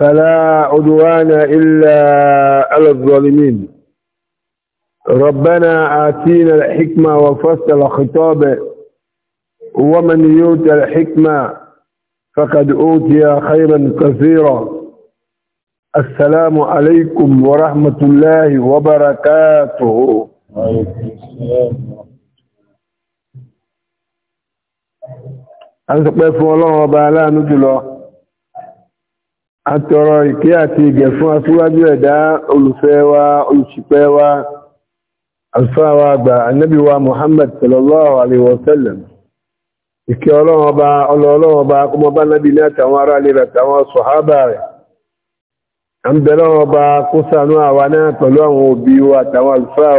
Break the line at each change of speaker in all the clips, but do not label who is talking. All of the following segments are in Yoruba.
فلا عدوان إلا على الظالمين ربنا آتينا الحكمة وفصل الخطاب ومن يؤت الحكمة فقد أوتي خيرا كثيرا السلام عليكم ورحمة الله وبركاته أنت قيف الله وبعلانه جلوه atọrọ ìkẹ́ àti ìgẹ̀ fún aṣíwájú ẹ̀dá olùfẹ́ wa olùṣìpẹ̀ wa alfáwa àgbà annabi wa muhammad sallallahu alaihi wasallam ìkẹ́ ọlọ́wọ́ bá ọlọ́wọ́ bá kọmọ bá nábi ní àtàwọn ará wa àtàwọn alfáà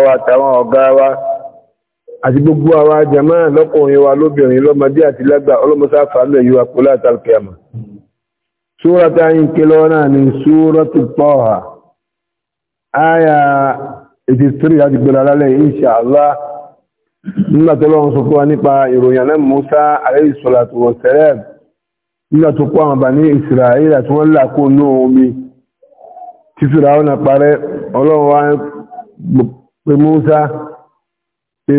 wa àtàwọn ọ̀gá àti gbogbo àwa jàmáà lọ́kùnrin wa lóbìnrin lọ́mọdé àti lágbà ọlọ́mọsáfà lẹ́yìn wa kó látàlùkẹ́ àmà súra tá ń ké lọ́wọ́ náà ni súratu Taha àyà 83 láti gbèrà lálẹ́ insha Allah nígbà tó lọ́wọ́ sọ fún wa nípa ìròyìn náà Musa alayhi salatu wa salam nígbà tó kó àwọn Bani Isra'il tí wọ́n là ní omi tí ọ̀nà parẹ́ ọlọ́wọ́ wa pé Musa pé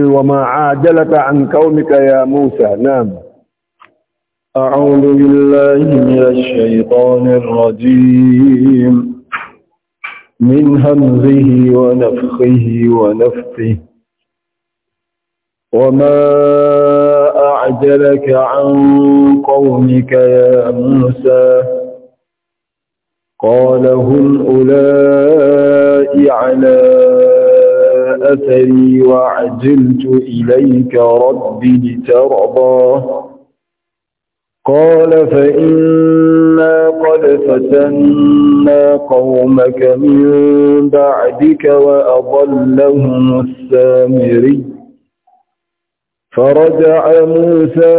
أعوذ بالله من الشيطان الرجيم من همزه ونفخه ونفثه وما أعجلك عن قومك يا موسى قال هم أولئك على أثري وعجلت إليك رب لترضى قال فإنا قد فتنا قومك من بعدك وأضلهم السامري فرجع موسى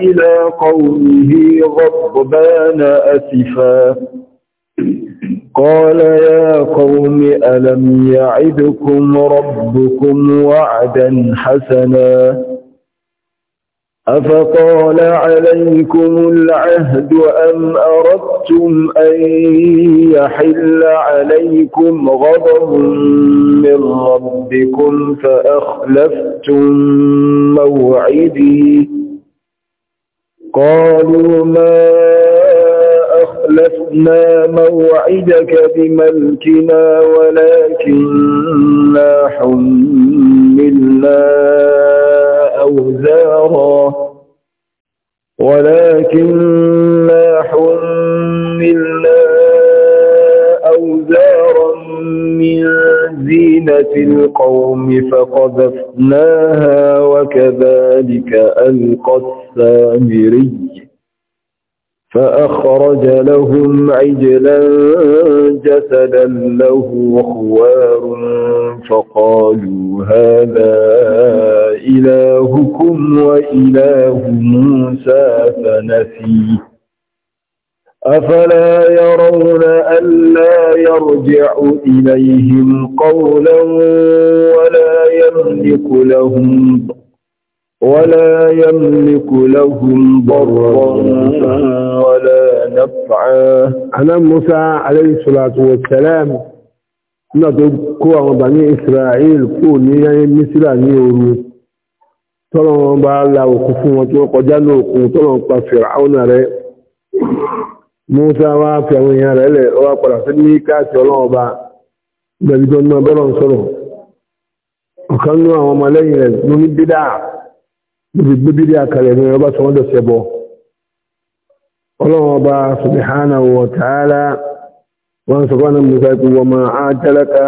إلى قومه غضبان أسفا قال يا قوم ألم يعدكم ربكم وعدا حسنا أفقال عليكم العهد أم أردتم أن يحل عليكم غضب من ربكم فأخلفتم موعدي قالوا ما أخلفنا موعدك بملكنا ولكننا حملنا أوزارا ولكن ما حملنا أوزارا من زينة القوم فقذفناها وكذلك ألقى السامري فأخرج لهم عجلا جسدا له خوار فقالوا هذا إلهكم وإله موسى فنسيه أفلا يرون ألا يرجع إليهم قولا ولا يملك لهم ولا يملك لهم ضرا نطعا أنا موسى عليه الصلاة والسلام نطب قوة بني إسرائيل قوني يعني مثل نيورو tọ́lọ́wọ́n bá la òkú fún wọn tí wọ́n kọjá ní òkun tọ́lọ́wọ́n pa fìràúnà rẹ̀ Musa wá fi àwọn èèyàn rẹ̀ lẹ̀ ọwá padà sí ní káàkì ọlọ́wọ́n bá gbẹ̀gbẹ̀ náà bọ́lọ̀ ń sọ̀rọ̀ ọ̀kan nú àwọn ọmọlẹ́yìn rẹ̀ ló ní bídà níbi gbé bídà kalẹ̀ ní ọba tí wọ́n dọ̀sẹ̀ bọ̀ ọlọ́run ọba subhanahu wa ta'ala wọ́n sọ fún musa pé wọ́n máa á tẹ́lẹ́ka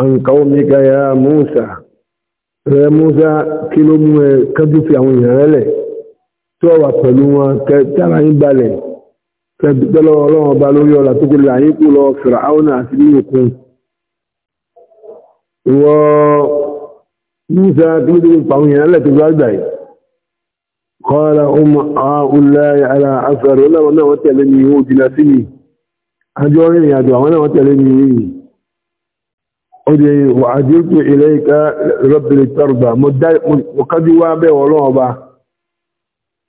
àǹkàwọ́ mẹ́ka ya musa rẹ musa kí ló mú ẹ kájú fi àwọn èèyàn rẹ lẹ̀ tí wọ́n wà pẹ̀lú wọn tẹ́ra yín balẹ̀ tẹ́lọ́ ọlọ́run ọba lórí ọ̀la tó kúrò láyé kú lọ fìrà áwọn àti nínú kun ìwọ musa kí ló dé pa èèyàn rẹ tó gbàgbà yìí قال أم هؤلاء على أثر ولا وانا وتلني هو جلسني أجوني يا دعوة وانا وتلني أدي وعجلت إليك رب لترضى وقد وابي ولعبة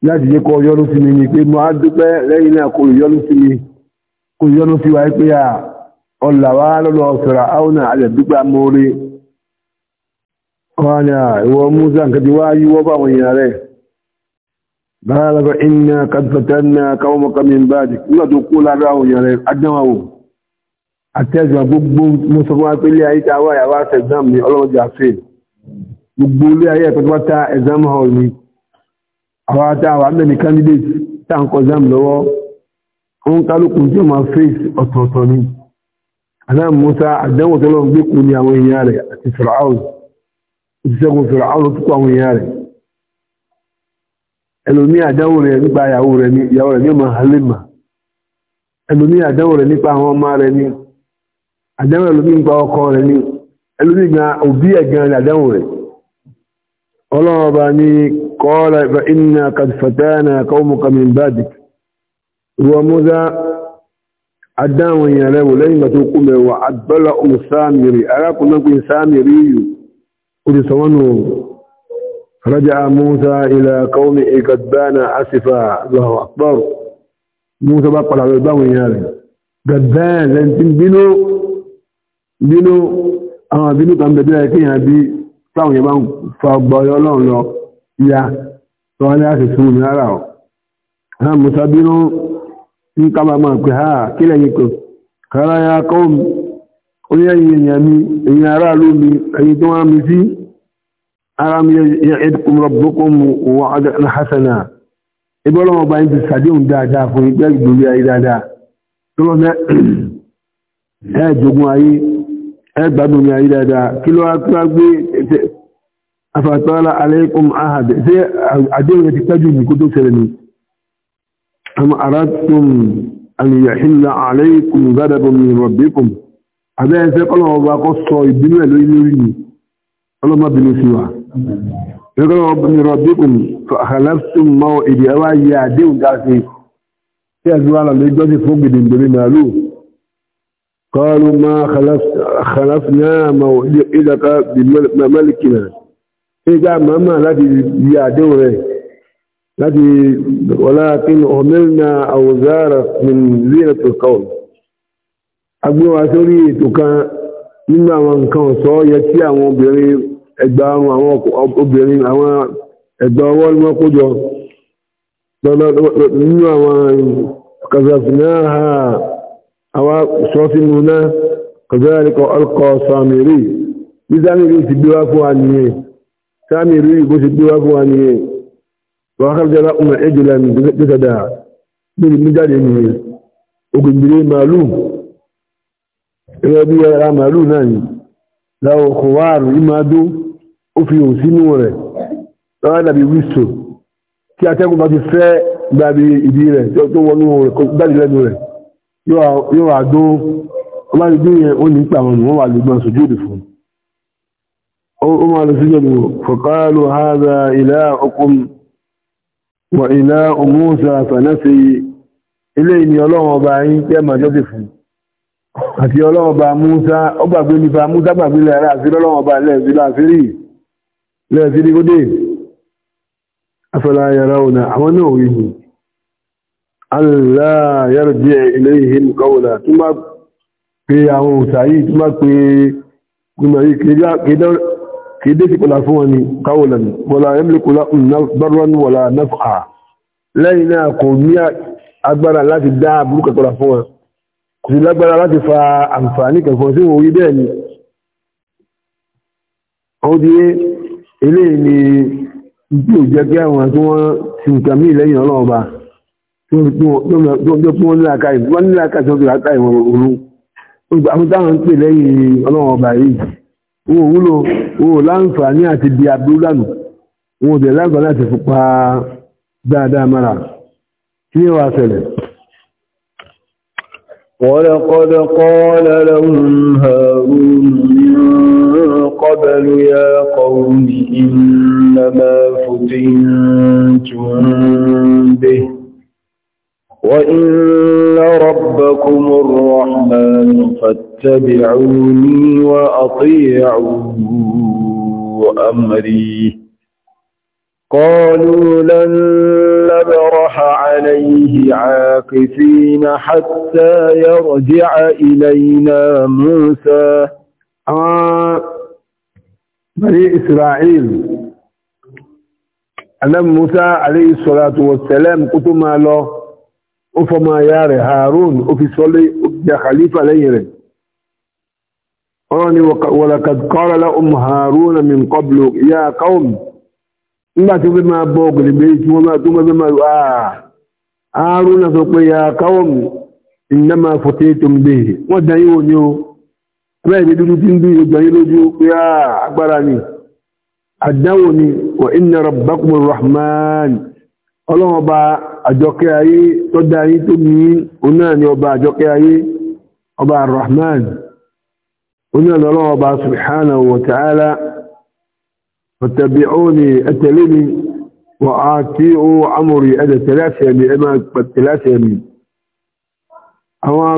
لا تجيكو يرسمني كي معدك لينا كل يرسمي كل يرسمي ويقيا قل وعلى فرعون على الدبع موري قال هو موسى كدواي وبا ويناريه báyàlọ́gbà iná kàtàtàná káwọmọ́kàmí bá jì nígbà tó kó lára àwọn èèyàn rẹ̀ adánwàwò àtẹ́gbà gbogbo mọ́sánmọ́ apẹ́lẹ́ ayé tàwà àyàwà exam ní ọlọ́mọdé àfẹ́ gbogbo ilé ayé ẹ̀pẹ́tọ́pátá exam hall ni àwọn àtàwà mẹ́ni candidate táǹkọ̀ exam lọ́wọ́ wọn kálukú tí ó máa face ọ̀tọ̀ọ̀tọ̀ ni aná musa àdánwò tọ́lọ́ gbé kú ni àwọn ẹlòmí àdáwò rẹ̀ nípa ìyàwó rẹ̀ ní ìyàwó rẹ̀ ní ọmọ halima ẹlòmí àdáwò rẹ̀ nípa àwọn ọmọ rẹ̀ ní àdáwò ẹlòmí nípa ọkọ rẹ̀ ní ẹlòmí gan òbí ẹ̀gan rẹ̀ àdáwò rẹ̀ ọlọ́run ọba ní qala fa inna qad fatana qawmaka min ba'dik ìwọ mọ́sá àdáwò èèyàn rẹ̀ wò lẹ́yìn ìgbà tó رجع موسى إلى قومه قد بان أسفا الله أكبر موسى بقى على الباوي هذا قد بان لأن بينو بينو أما آه بينو كان بدأ يكين بي táwọn yẹn bá ń fa ọgbà ọlọ́run lọ ya tó wá ní àṣìṣe omi ara ọ̀ ha musa bínú ní kábà máa pè ha kílẹ̀ yìí kò kára ya kọ́ omi ó ní ẹ̀yìn èèyàn mi èèyàn aráàlú mi ẹ̀yìn tó wá mi sí alam ya'idkum rabbukum wa'dan hasana ìbọ́lọ́ ọba yìí ti sàdéhùn dáadáa fún ìgbẹ́ ìgbòrí ayé dáadáa tó lọ́nà ẹ̀ẹ́dógún ayé ẹgbàdùn ní ayé dáadáa kí ló wá tó gbé afatala alaykum ahad sai adin ya tikaji ni kudu sirni am ni olo ma ẹgbẹ́ wọn bí rọ̀bíkùn àhàlẹ́sùn mọ́ èdè ẹwà yí àdéhùn gáàsì tí ẹ̀dùn àlọ́ lè jọ́sí fún gbìdìndìrí màálù kọlu ma àhàlẹ́sùn mọ́ ìdàkà mẹ́lìkìnà ẹgbẹ́ àmàmà láti yí àdéhùn rẹ̀ láti wọlákin ọmọlẹ́nà àwùzára min zina tó kọ́ agbóhùn ètò kan nínú àwọn nǹkan ọ̀sọ́ yẹ tí àwọn obìnrin ẹgbà ọrùn àwọn obìnrin àwọn ẹgbà ọwọ́ ni wọ́n kójọ nínú àwọn kazafinaha àwọn sọ́sínú náà kazalika ọlkọ samiri bí samiri ti gbé wá fún wa nìyẹn samiri bó ti gbé wá fún wa nìyẹn wọ́n kàrìjẹ́ lákùnrin ẹjìlá ní tẹ́tẹ́dà níbi níjáde nìyẹn ògùnbìrì màálù ẹgbẹ́ bí ara màálù náà ni láwọn kòwárù ìmádó ó fi òun sínú rẹ̀ lọ́wọ́ dàbí wíṣọ tí atẹ́gùn bá ti fẹ́ dàbí ìdí rẹ̀ tó wọnú rẹ̀ dájú lẹ́nu rẹ̀ yóò wà dún wọ́n bá ti dín yẹn ó ní pé àwọn ènìyàn wà lè gbọ́n sojú òdì fún ó máa lọ síjọ́ ìwò fọ̀kálù hádà ilá ọkùn wà ilá ọmọ́sà sànẹ́sì ilé ìní ọlọ́run ọba yín pé màjọ́sì fún àti ọlọ́run ọba Músà ó gbàgbé nípa Músà gbàgbé lára àti ọlọ́run ọba lẹ́ẹ̀sí láàfírí lẹ́ẹ̀tí ní kódé afẹ́lá yàrá ọ̀nà àwọn náà rí ni aláyàrùdí ilé ìhìn kọwọ́lá tó má pé àwọn òtàyí tó má pé gbímọ̀ yí kéde sí kọlá fún wọn ni kọwọ́lá wọlá yẹ́mìlìkọlá bọ́rọ̀ wọlá náfà lẹ́yìn náà kò ní agbára láti dá burúkọ kọlá fún ni eléyìí ni ibi ò jẹ́ kí àwọn tí wọ́n ti nǹkan mí lẹ́yìn ọlọ́run ba tó jẹ́ kí wọ́n nílá káì wọ́n nílá káì tó kíláà káì wọn òru àwọn táwọn ń pè lẹ́yìn ọlọ́run ọba yìí wọn ò wúlò wọn ò láǹfààní àti di abúlánù wọn ò dẹ̀ láǹfààní àti fipá dáadáa mara kí ni wàá ṣẹlẹ̀. ولقد قال لهم هارون قبل يا قوم إنما فتنتم به وإن ربكم الرحمن فاتبعوني وأطيعوا أمري قالوا لن نبرح عليه عاكفين حتى يرجع إلينا موسى آه، bani israel anam musa alayhi salatu wassalam kó tó máa lọ ó fọmọ ayá rẹ̀ harun ó fi sọlé ó fi jẹ khalifa lẹ́yìn rẹ̀ ọ̀rọ̀ ni walaqad qala lahum harun min qablu ya qaum nígbà tí ó fẹ́ máa bọ́ gbèrègbè tí wọ́n máa tó ah, harun sọ pé ya qaum innama futitum bihi wọ́n láìdí dúdú tí ń bí ìgbàyín lójú pé agbára ni àdánwò ni wà inna rabbakumur rahman ọlọ́wọ́ ọba àjọkẹ́ ayé tó dáyé tó ní oná ni ọba àjọkẹ́ ayé ọba rahman oná ni ọlọ́wọ́ ọba subhanahu wa ta'ala fattabi'uni ẹtẹ̀lé mi wà á tí ó amòrì ẹ̀dẹ̀ tẹ̀lé àṣẹ mi ẹ máa pẹ̀tẹ̀lé àṣẹ mi àwọn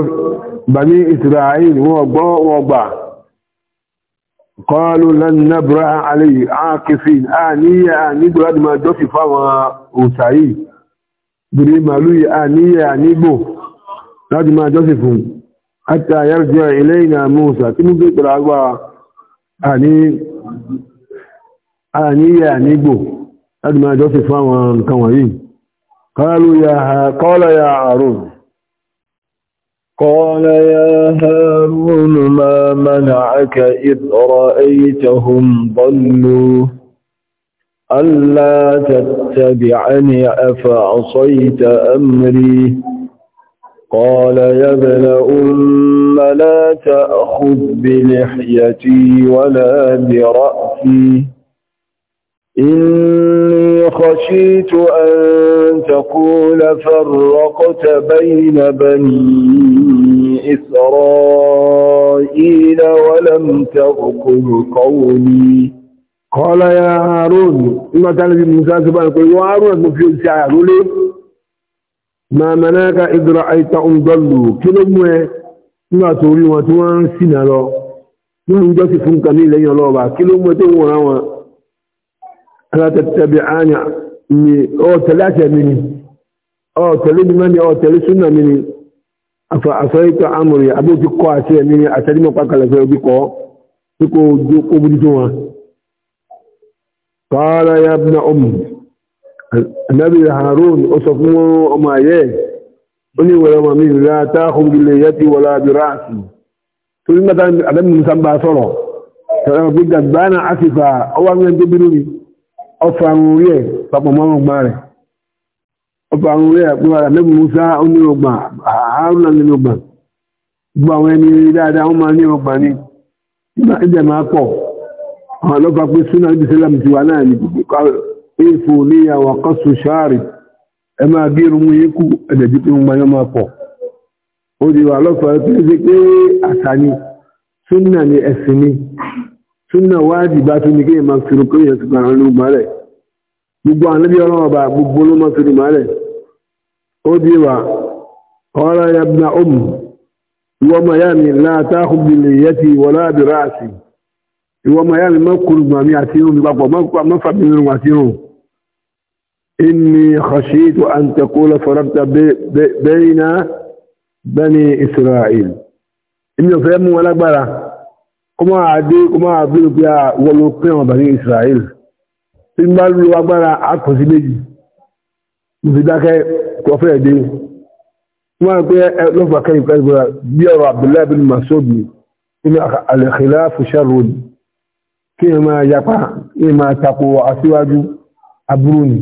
bani israel wọn gbọ́ wọn gbà qalu lan nabraha alayhi a níyà nígbò láti máa jọ́sì fáwọn òsàáyì bìrì màlú a níyà nígbò láti máa jọ́sì fún hatta yarji'a ilayna Musa tí mú pẹ̀lú agbá àníyà nígbò láti máa jọ́sì fáwọn nǹkan wọ̀nyí ya قال يا هارون ما منعك إذ رأيتهم ضلوا ألا تتبعني أفعصيت أمري قال يا ابن أم لا تأخذ بلحيتي ولا برأسي إني خشيت أن تقول فرقت بين بني إسرائيل ولم تغكم قولي قال يا هارون إما كان في موسى سبحانه يقول وهارون في الشعر لي ما مناك إذ رأيتهم ضلوا كلهم ما توري وتوان سنة من جاك فن كميل لين الله با كلهم تورا و ألا تتبعان أو ثلاثة مني أو ثلاثة مني أو ثلاثة مني àfẹ́ẹ̀tọ̀ àmọ̀rẹ̀ abójú kọ́ àti ẹ̀mí àtẹ́límọ̀ pàkàlẹ̀fẹ́ ojú kọ́ tí kò jó kó bú dídó wọn qala ya ibna ummi anábì Harun ó sọ fún ọmọ ayẹ́ ó ní wẹ̀rẹ̀ ọmọ mi rà táàkùn ilẹ̀ yẹ́ ti wọ̀lá bí ráàsì tó ní mẹ́ta àdámi musa ń bá sọ̀rọ̀ tẹ̀lé náà àfìfà ọba àwọn orí àpẹwàrà lẹ́bù musa ní ọgbà àárùnà nínú ọgbà gbogbo àwọn ẹni dáadáa wọ́n máa ní ọgbà ní ìdẹ̀ máa pọ̀ àwọn ọlọ́pàá pé súnà ibi sẹ́lá ti wà náà ní gbogbo èèfò ní àwọn akọ́sù sáàrì ẹ máa bí irun yín kú gbogbo àwọn ẹlẹ́bí ọlọ́wọ́ bá gbogbo ló máa fi rò rẹ̀ odiwa qala ya ibna um wa ma yani la ta'khud bi niyyati wa la bi ra'si wa ma yani ma kul ma mi àti o mi papọ̀ ma ko ma fa bi run àti o inni khashitu an taqula farabta bayna bani isra'il inni fẹ́ mú wala gbara kuma ade kuma abiru bi a wo lo pe wọn bani isra'il tin ba lu agbára akosi méjì mo fi dákẹ́ kọfẹ́ dé wọ́n pẹ́ lọ́fà kan ìpẹ́ ìgbà bí ọ̀rọ̀ Abdullahi bin Mas'ud inú al-khilafu sharrun kí ẹ máa yapa ẹ máa tako aṣíwájú aburú ni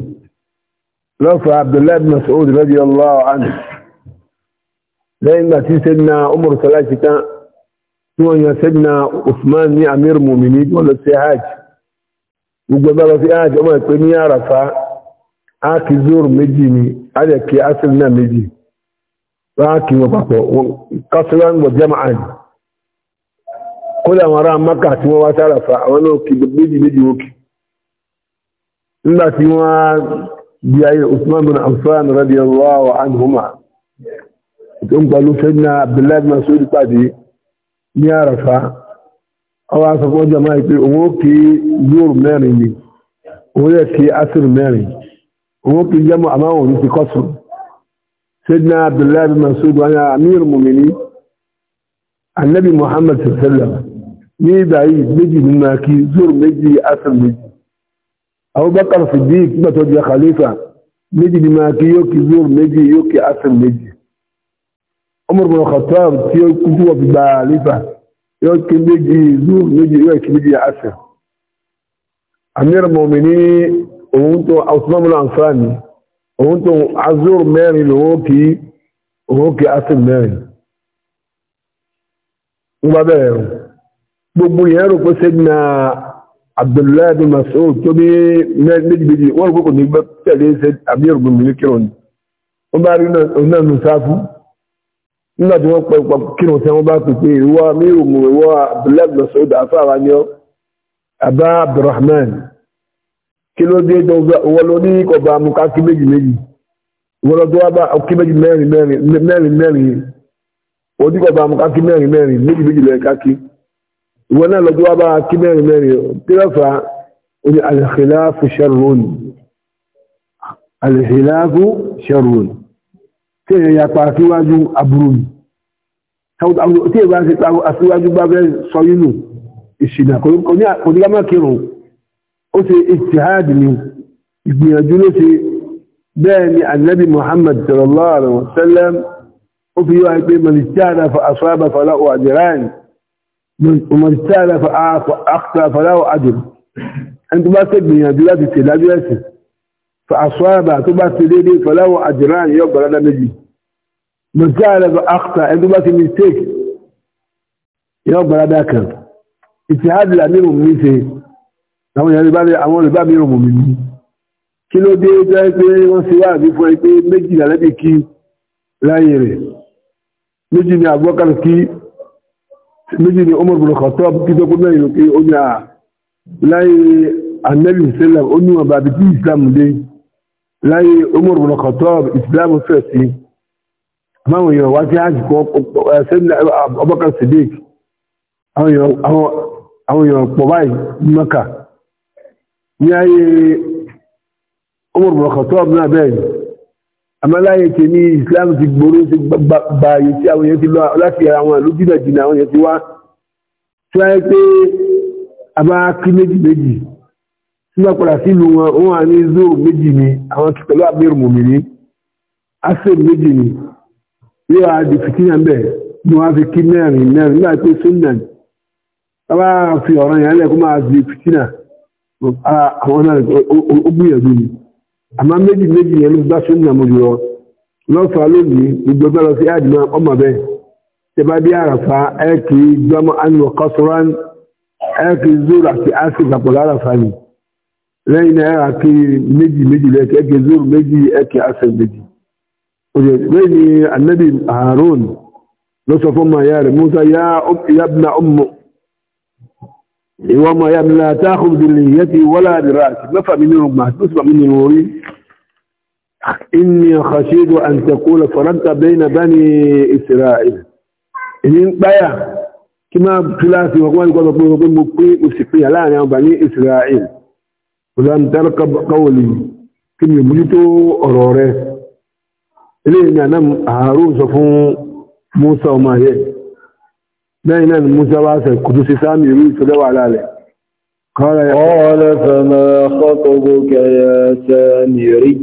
lọ́fà Abdullahi bin Mas'ud radiyallahu anhu lẹ́yìn ìgbà tí sẹ́dínà Umar sọláṣí tán tí wọ́n yan sẹ́dínà Usman ní amir mumini wọ́n lọ sí hajj gbogbo ẹgbẹ́ lọ sí hajj ọmọ ìpè ní àràfà ákì méjì ni alẹ́ kí asìrì náà méjì ráàkì wọn papọ̀ kásìrán wọ jama'an kódà wọn ará maka tí wọ́n wá sára fa àwọn náà kí méjì méjì òkè nígbà tí wọ́n di ayé usman bin affan radiyallahu anhuma tó ń pẹ̀lú sẹ́dínà abdullahi masoud pàdé ní àràfà ọwọ́ asọ̀kọ́ jama'a pé òun kí yóò mẹ́rin ni òun yẹ kí asìrì mẹ́rin òun kì í jẹ́ mọ́ àmọ́ òun ti kọ́ sùn sayyidina abdullahi bin masud wani amir mumini annabi muhammad sallam ní ìgbà yìí méjì ní máa kí zuhr méjì asr méjì abubakar siddiq nígbà tó di khalifa méjì ní máa yóò kí zuhr méjì yóò kí asr méjì umar bin khattab tí ó kú tí fi gba khalifa yóò kí méjì zuhr méjì yóò kí méjì asr amir mumini òun tó osmanmúlò àǹfààní òun tó azur mẹ́rin lòun kì í òun kì í asin mẹ́rin ń bá bẹ̀rẹ̀ rùn gbogbo yẹn rò pé sẹ́dínà abdullahi bin masoud tó bí méjìméjì wọ́n rò pé kò ní tẹ̀lé àbí ẹ̀rù gbòmìnir kírun ni wọ́n bá rí náà nù sáfù nígbà tí wọ́n pẹ̀ kírun tí wọ́n bá pè pé ìwọ́ mi ò mú ìwọ́ abdullahi masoud àfáà wa ni abdulrahman kí ló dé owó ló ní ọba amúká kí méjì méjì ìwọ́n lọ́dún wá bá kí méjì mẹ́rin mẹ́rin mẹ́rin oníkọ̀ọ̀bá amúká kí mẹ́rin mẹ́rin méjì méjì lẹ́ẹ̀ká kí ìwọ́n náà lọ́dún wá bá kí mẹ́rin mẹ́rin tírọ̀fà oní alìkìláàfù sharrun alìkìláàfù sharrun tí èèyàn yapa síwájú aburú tí èèyàn bá ti pa síwájú bá fẹ́ sọ yínú ìṣìnà kò ní ká má kírun أسي اجتهاد من يجلس باني عن محمد صلى الله عليه وسلم وفي واحد من اجتهد فأصاب فله أجران ومن اجتهد فأخطى فله أجر أنت ما تقول من يجلس لا جلس فأصاب تبقى سليدي فله أجران يقبل على نجي من اجتهد فأخطى أنت ما تقول من اجتهد يقبل على اجتهاد الأمير من àwọn èèyàn rìbá lè àwọn rìbá mìíràn mọ̀ mí ní kí ló dé tó ẹ pé wọ́n ṣe wá àbí fún ẹ méjì làlẹ́bì kí láyé rẹ̀ méjì ni Abubakar kí méjì ni Umar bin Khattab kí tó kó mẹ́rin lókè ó ní à láyé anabi sallam ó ní wọn bàbí tí Islam dé láyé Umar bin Khattab Islam fẹ̀ sí máwọn èèyàn wá sí ní ayé Umar bin Khattab náà bẹ́ẹ̀ amáláyé tẹ ní Islam ti gbòòrò sí gbààyè tí àwọn èèyàn ti lọ láti àwọn ìlú jìnnà jìnnà àwọn èèyàn ti wá tí wáyé pé a bá kí méjì méjì nígbà padà sílùú wọn wọn wà ní zoo méjì ni àwọn pẹ̀lú abẹ́rù mòmìnir asèm méjì ni yóò wá di fìtínà bẹ́ẹ̀ ni wọ́n fi kí mẹ́rin mẹ́rin nígbà pé sunna bá fi ọ̀ràn yẹn lẹ́kọ́ máa di fìtínà. Ah, àwọn náà ó gbìyànjú ni àmọ́ méjì méjì yẹn ló bá ṣe ń nà mo jùlọ lọ́fà lónìí gbogbo ẹgbẹ́ lọ sí àdìmọ́ ọmọ bẹ́ẹ̀ tẹ bá dé àràfà ẹ̀kì gbọ́mọ́ ànúwọ̀ kọ́sọ́rán ẹ̀kì zoro àti áfíríkà pọ̀lá àràfà ni lẹ́yìn náà ẹ̀kì méjì méjì lẹ́kì ẹ̀kì zoro méjì ẹ̀kì áfíríkà méjì. òye lẹ́yìn anabi Harun lọ́sọ̀ fún ọmọ ìyá rẹ̀ Musa yá ibna ummu ìwọ́mọ̀ ya mi láta àkùnbìlì yẹ́ ti wọ́lá àdìrà àti mẹ́fà mi nínú gbà tó sì bà mí nínú orí inni khashidu an taqula faranta bayna bani isra'il èmi ń páyà kí máa kíláàsì wọn wọ́n wọ́n ń dára لا بين المزواس القدس سامي يريد تدوى على ذلك قال يا قال فما خطبك يا سامري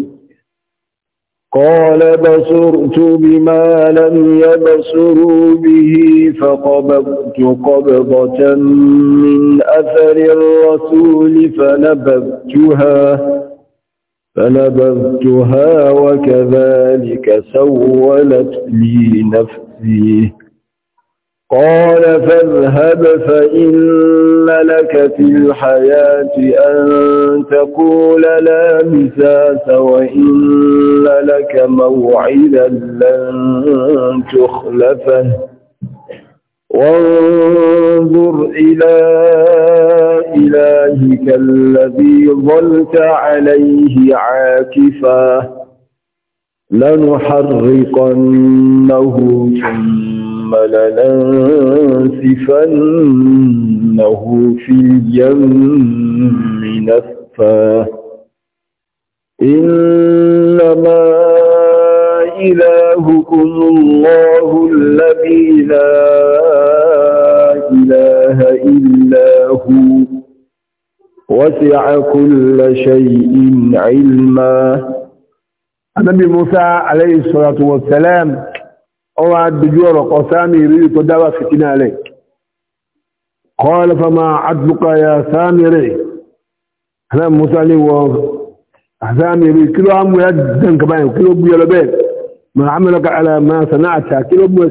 قال بصرت بما لم يبصروا به فقبضت قبضة من أثر الرسول فنبذتها فنبذتها وكذلك سولت لي نفسي قال فاذهب فإن لك في الحياة أن تقول لا مساس وإن لك موعدا لن تخلفه وانظر إلى إلهك الذي ظلت عليه عاكفا لنحرقنه ثم ثم لننسفنه في اليم نسفا إنما إلهكم الله الذي لا إله إلا هو وسع كل شيء علما النبي موسى عليه الصلاة والسلام ọwọ́ adójú ọ̀rọ̀ kan sáàmì ìrírí tó dáwà fìtínà rẹ̀ kọ́ọ̀lọ́fà máa àdúkà ya sáàmì rẹ̀ hana musa ní wọ́n sáàmì rí kí ló hàmú ya dán kaba yẹn kí ló bú yọlọ bẹ́ẹ̀ ma hàmúlọ́ ka ala ma sana àtà kí ló bú ya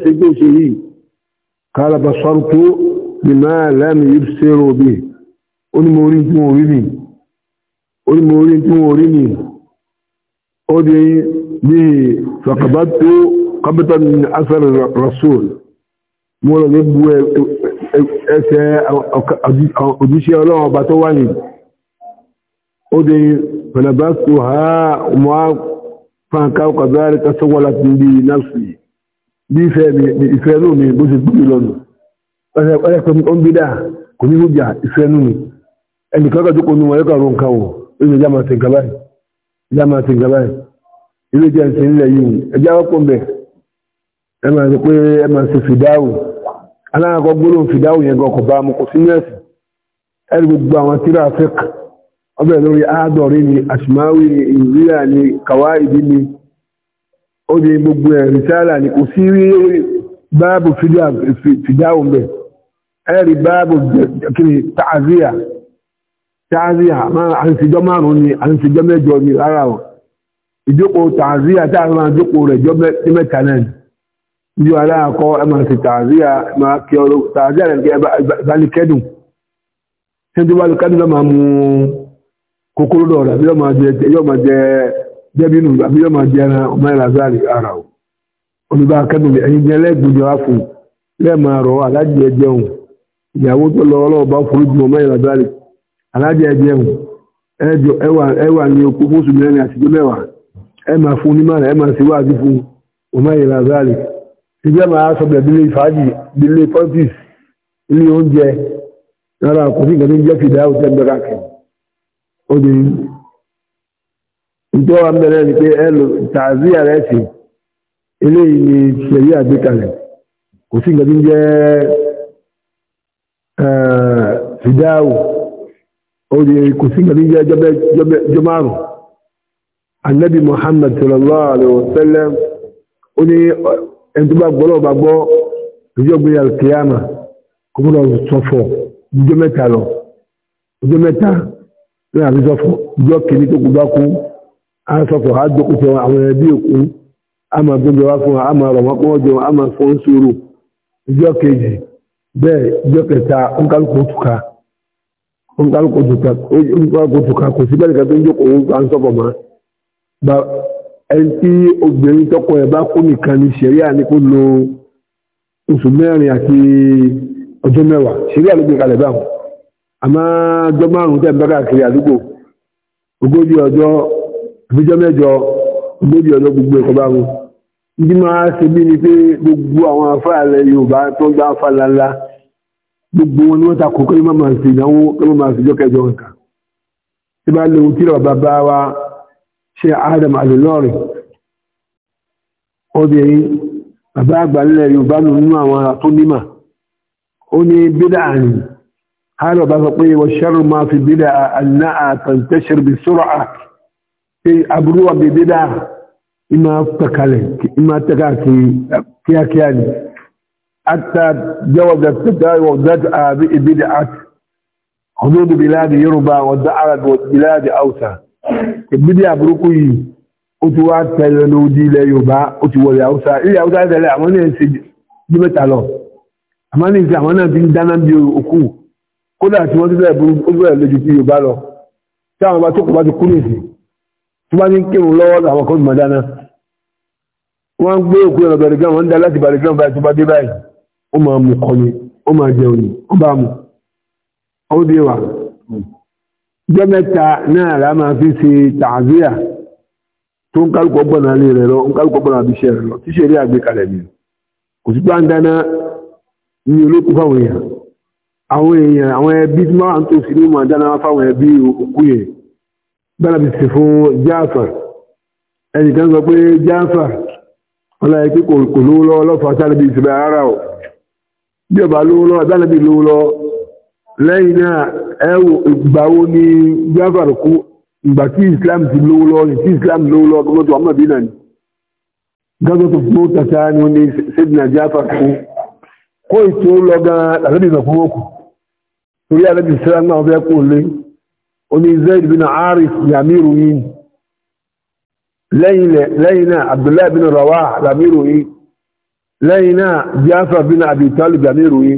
قبضا من أثر الرسول mo rò ní bu ẹsẹ̀ òjíṣẹ́ ọlọ́run ọba tó wáyé ó dé pẹ̀lẹ̀bẹ́sù ha mọ́ fàǹkà kọ̀bẹ́rẹ́ kẹsọ́wọ́lá ti bí náàsì bí ìfẹ́ nù mi bó ṣe gbúgbì lọ́nà ọ̀rẹ́kọ̀ ń gbídà kò ní gbúgbà ìfẹ́ nù mi ẹnìkan kọjú kò ní wọ́n yẹ́kọ̀ rún káwọ̀ ilé jámà ẹ máa sọ pé ẹ máa ṣe fìdáwù aláàkọ́ gbólóhùn fìdáwù yẹn gan kò bá mu kò sí nẹ́ẹ̀sì ẹ̀rí gbogbo àwọn tíra fẹ́k ọbẹ̀ lórí áádọ́rin ni àṣìmáwì ni ìrírà ni kàwáìdì ni ó di gbogbo ẹ̀ rìsáàlà ni kò sí rí báàbù fìdáwù bẹ̀ ẹ̀rí báàbù kiri tààzíà tààzíà à ń sijọ́ márùn-ún ni à ń sijọ́ mẹ́jọ ni rárá o ìjókòó tààzíà táàzíà máa jókòó rẹ̀ jọ́ mẹ́ta náà ju aláàkọ́ ẹmà sí tààzíà máa kí ọrọ̀ tààzíà rẹ̀ kí ìbánikẹ́dùn tí ó bá lè kẹ́dùn lọ́mà mú kòkòrò lọ́rọ̀ àbí lọ́mà jẹ jẹ́bínú àbí lọ́mà jẹ ẹran ara ò olùbá kẹ́dùn ẹ̀yìn jẹ́ lẹ́gbùnjẹ wá fún lẹ́ẹ̀mà rọ̀ alájẹ jẹun ìyàwó tó lọ ọlọ́ọ̀bá foríjì ọmọ ìlàzáàrí alájẹ jẹun ẹwà ní okú fóṣù mẹ́rin àti mẹ́wàá ẹ máa fún onímọ̀ rẹ̀ ẹ ìjẹ́ máa sọ bẹ̀rẹ̀ bílé ìfàájì bílé politics ilé oúnjẹ rárá kò sí ìgbẹ̀mí jẹ́ fìdá òtẹ́ mẹ́ra kìí ó di ìjọ wa mẹ́rẹ̀ ni pé ẹlò tààzí ààrẹ sí ilé ìní ṣẹ̀rí àgbékalẹ̀ kò sí ìgbẹ̀mí jẹ́ fìdá ó di kò sí ìgbẹ̀mí jẹ́ jọmárùn annabi Muhammad sallallahu alaihi wasallam ó ní ẹni tó bá gbọ́ lọ́wọ́ bá gbọ́ ìjọ gbé yàrá kìyàmà kó mọ́ lọ sọ̀fọ̀ ìjọ mẹ́ta lọ ìjọ mẹ́ta ní àfi sọ̀fọ̀ ìjọ kìíní tó kú bá kú á sọ̀fọ̀ á dọ́kú sọ àwọn ẹbí òkú á máa gbẹ́jọ wá fún wa á máa rọ̀ wọ́n pọ́n jọ á máa fọ́n sóró ìjọ kejì bẹ́ẹ̀ ìjọ kẹta òǹkálùkù tùkà òǹkálùkù tùkà kò sí bẹ́ẹ̀ ẹni tí obìnrin tọkọ ẹ̀ bá kú nìkan ní ṣẹ̀ríà ní kó lo oṣù mẹ́rin àti ọjọ́ mẹ́wàá ṣẹ̀ríà ló gbé kalẹ̀ báwọn àmọ́ ọjọ́ márùn-ún tẹ̀ ń bá káàkiri àdúgbò ogójì ọjọ́ ìfijọ́ mẹ́jọ ogójì ọjọ́ gbogbo ẹ̀kọ́ bá wọn máa ṣe bí ni pé gbogbo àwọn afáàlẹ̀ Yorùbá tó ń gbá afáàlà ńlá gbogbo wọn ni wọ́n takò kí wọ́n máa ṣe ìnáwó kí wọ́n máa ṣe ìjọ́kẹjọ nǹkan ṣe adam alìlọ́rin obìnrin bàbá àgbàlẹ̀ yorùbá nínú àwọn tó nímà ó ní bídà àrìn hálọ̀ bá sọ pé wọ́n ṣẹ́rù máa fi bídà àná àtàntẹ́ṣẹ̀rù bí sọ́rọ̀ à pé aburú wà bí bídà ìmá pẹ̀kalẹ̀ ìmá tẹ́ka sí kíákíá ni hatta jawab da ta wabdat a bi ibida at hududu biladi yoruba wadda arab wadda biladi ausa ìbídí àbúrúkú yìí ó ti wá tẹ̀lé lóòdì ilẹ̀ yorùbá ó ti wọlé haúsá ilẹ̀ haúsá tẹ̀lé àwọn náà ṣe jí mẹ́ta lọ àmọ́ ní ìsìn àwọn náà fi ń dáná bí òkú kódà tí wọ́n ti bẹ̀rẹ̀ burú ó bẹ̀rẹ̀ lójú sí yorùbá lọ tí àwọn bá tó kù bá ti kú nìsí tí wọ́n ti ń kírun lọ́wọ́ àwọn kan mọ̀ dáná wọ́n ń gbé òkú ẹ̀rọ bẹ̀rẹ̀ gan wọ́n ń dá láti bẹ̀rẹ̀ gan báyìí tó bá dé báyìí ó máa mú kọ́ni ó máa jẹun ó bá mú ó dé wà jẹ́ mẹ́ta náà la máa fi ṣe tààzíà tó ń kálùkọ́ gbọ́nà lè rẹ̀ lọ ń kálùkọ́ gbọ́nà àbí ṣe rẹ̀ lọ tí ṣeré àgbékalẹ̀ mi kò sí gbáǹdáná ní olókùn fáwọn èèyàn àwọn èèyàn àwọn ẹbí tí máa ń tò sí ní mọ̀ dáná fáwọn ẹbí òkú yẹn gbọ́nà fi ṣe fún jáfà ẹnìkan sọ pé jáfà ọlá yẹ pé kò lówó lọ́wọ́ lọ́fà sáré bíi ìṣẹ̀lẹ̀ ara ò bí ọba lówó lọ́wọ́ lẹ́yìn náà ẹwù ìgbàwo ni Jafar kú ìgbà tí Islam ti lówó lọ́wọ́ ni tí Islam lówó lọ́wọ́ gbogbo tó àmọ́ bí náà ni gbogbo tó fún tàṣà ni wọ́n ní Sayyidina Jafar kú kó ìtò lọ gan àlẹ́bí ìgbà fún òkú torí àlẹ́bí ìsẹ́lá náà fẹ́ kú lé oní Zaid bin Arif yamiru yìí lẹ́yìn náà Abdullahi bin Rawah yamiru yìí lẹ́yìn náà Jafar bin Abi Talib yamiru yìí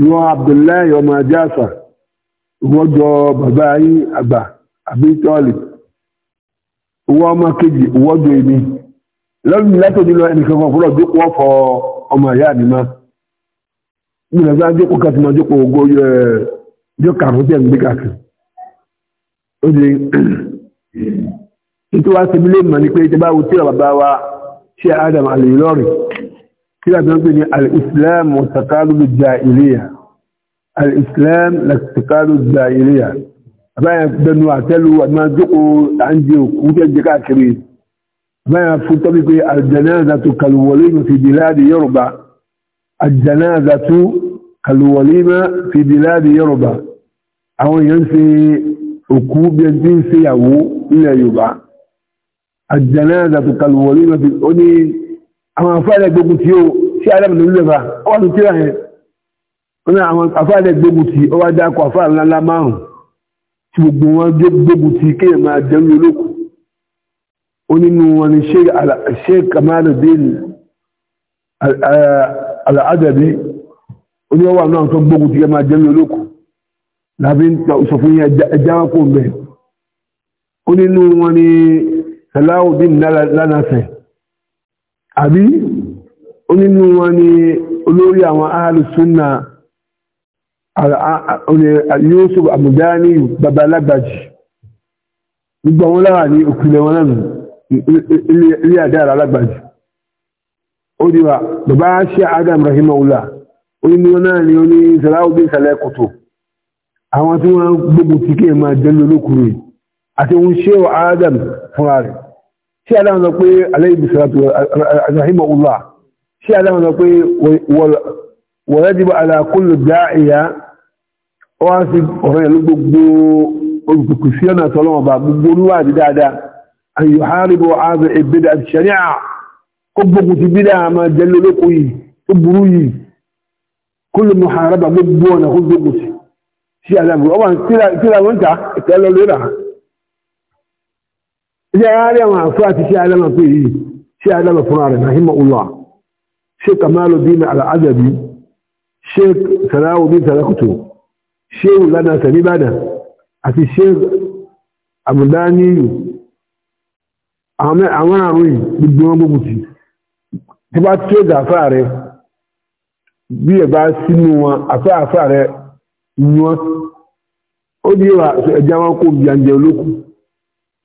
ìwọ abdullahi ọmọ ajásà ìwọ́jọ bàbá yín àgbà àbí tọ́ọ̀lì ìwọ ọmọ kejì ìwọ́jọ èmi lọ́dún látòdì lọ ẹnìkan kan fúnra jókòó ọ̀fọ̀ ọmọ ìyá mi má nígbà tí wọ́n jókòó kan ti máa jókòó ogó ẹ̀ jókòó àrùn tẹ̀ ń gbé káàkiri ó di nítorí wá síbi lè mọ̀ ní pé ìjọba wo tí ọ̀bàbá wa ṣe Adam àlè lọ́rìn كلا الإسلام والتقالب الجاهلية الإسلام للتقالب الجاهلية ما يبنوا أعتلوا ما جقوا عندي وجد كاكري ما يفتبق الجنازة كالوليمة في بلاد يربع الجنازة كالوليمة في بلاد يربع أو ينسي أكوب ينسي يو إلى يبع الجنازة كالوليمة في الأنين àwọn afáàlẹ̀ gbogbo tí ó sí adam ló lẹ́fà ọwọ́ tó tíra yẹn wọ́n náà àwọn afáàlẹ̀ gbogbo tí ó wá dákọ̀ afáàlẹ̀ ńlá márùn tí gbogbo wọn gbogbo tí kéèyàn máa jẹun olókù ó nínú wọn ni sheikh kamaluddin al-adabi ó ní ọwọ́ àwọn tó gbogbo tí kéèyàn máa jẹun olókù lábí sọ fún yẹn ẹja wọn kò mẹ́ ó nínú wọn ni salawudeen lánàfẹ́ àbí onínú wọn ni olórí àwọn alùsúnnà Yusuf Amudani babalagbaji gbogbo wọn láwà ní òkúlẹ̀ wọn lẹ́nu ilé àdára alágbàjì ó díwà bàbá ṣe Adam rahimahullah onínú wọn náà ni ó ní sàláwọ́bí sàlẹ̀ kòtò àwọn tí wọ́n gbogbo tí kí jẹ́ lólókùnrin àti wọn ṣe Adam fúnra rẹ̀ ṣé aláwọn sọ pé aláìbí sọ́tù àjọ̀hìmọ̀ ọlá ṣé aláwọn sọ pé wọ̀lẹ́dìbò alákùnlù dá ìyá wá sí ọ̀rọ̀ ìlú gbogbo olùkùkù sí ọ̀nà sọlọ́mọba gbogbo olúwàdí dáadáa ayò haribo azọ ìbẹ̀dẹ̀ àti ṣẹ̀ríà kó gbogbo ti bídà máa jẹ́lé olóko yìí tó burú yìí ọ̀nà kó gbogbo sí aláwọn kíra wọn ta ìtẹ́lọ́lẹ́ra ìjẹ́ àárí àwọn àfúrà ti ṣe alama pé yìí ṣe alama fúnra rẹ̀ rahima ullah ṣe kamalu dina al'adabi ṣe sanawo bin sanakutu ṣe wulana sanibada àti ṣe amudaniyu àwọn àrùn yìí gbogbo wọn gbogbo ti tí bá tí ó dàfà rẹ̀ bí ẹ̀bá sínú wọn àfẹ́ àfẹ́ rẹ̀ yíwọ́n ó ní ẹ̀já wọn kó bí àjẹ́ olókùn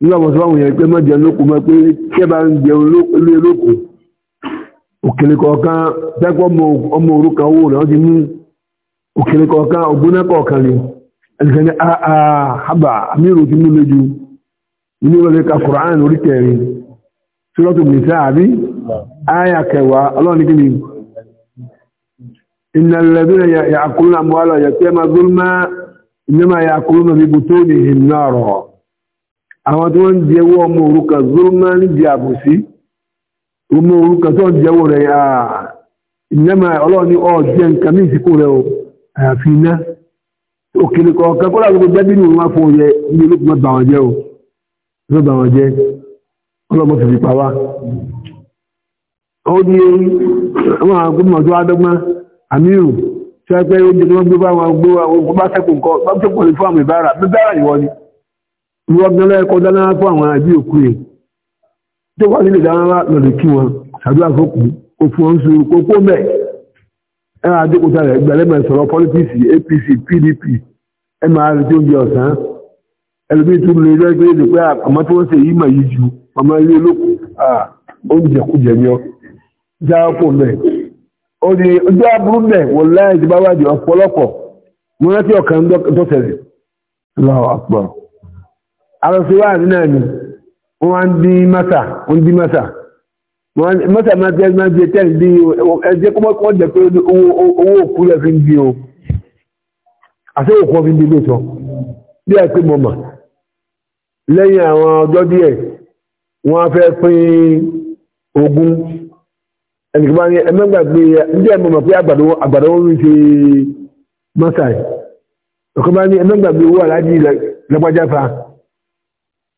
nígbà ọ sọ àwọn èèyàn pé má jẹun mọ́ pé tí ẹ bá ń jẹun lé lóko òkèlè kọ̀ọ̀kan pẹ́pọ́ ọmọ òrukàn owó rẹ̀ wọ́n mú òkèlè kọ̀ọ̀kan ògbóná kọ̀ọ̀kan lè ẹnìkan ní ah, ah, amírò ti mú lójú inú ìwọlé ka Kùránì orí kẹrin sọ́lọ́tò àbí kẹwàá kí ni àwọn tí wọ́n ń jẹ́wọ́ ọmọ òrukàn zúrúmọ́ ní di àbòsí ọmọ òrukàn tó ń jẹ́wọ́ rẹ̀ ìyẹ́mà ọlọ́ọ̀ni ọ̀jẹ́ nǹkan ní ìsìnkú rẹ̀ o àyàfi iná òkèlè kọ̀ọ̀kan kọ́lá gbogbo jẹ́ bínú wọn fún oyẹ ní olókùnmọ́ bà wọ́n jẹ́ o ló bà wọ́n jẹ́ ọlọ́mọ fìfì pa wá ó ní àwọn gómìnà tó adọ́gbọ́n àmírù tí wọ́n pẹ́ ó jẹ́ wọ́n gbé bá wọn gbé wọn gbé ní wọ́n gbọ́nà ẹkọ́ dáná fún àwọn àbí òkú rẹ̀ tó wà nílẹ̀ dáná lọ́dọ̀ kí wọn ṣàdúrà fókù ó fún wọn sí kókó mẹ́ ẹ̀rọ adékòtà rẹ̀ gbẹ̀lẹ́mẹ̀ sọ̀rọ̀ pọ́lítíìsì APC PDP mr tí ó ń jẹ ọ̀sán ẹlòmíì tún lè rẹ́ gbé pé ah, àmọ́ tí wọ́n ṣe yí mà yí ju ọmọ ilé olókùn ah, oúnjẹ kújẹ ni ọ já pọ̀ mẹ́ ó ní ojú aburú mẹ́ wọ́n láì ti bá wájú ọ̀pọ̀lọpọ̀ mo rántí ọ̀kan dọ́sẹ̀rẹ̀ láwọ̀ àpọ̀ àrọ̀síwá àti náà ni wọ́n wá ń dí mọ́sà ń dí mọ́sà mọ́sà máa jẹ́ máa jẹ́ tẹ́lì bí ẹjẹ́ kọ́mọ́ kọ́ jẹ́ pé owó òkú rẹ̀ fi ń di o àti òkú fi ń di lóòótọ́ bí ẹ pé mọ̀mọ̀ lẹ́yìn àwọn ọjọ́ díẹ̀ wọ́n á fẹ́ pín ogún ẹnìkan bá ní ẹmẹ́gbàgbé ǹjẹ́ mọ̀mọ̀ pé àgbàdo wọn ti mọ́sà ọ̀kan bá ní ẹmẹ́gbàgbé owó aláàjì lọ́gbàjáfa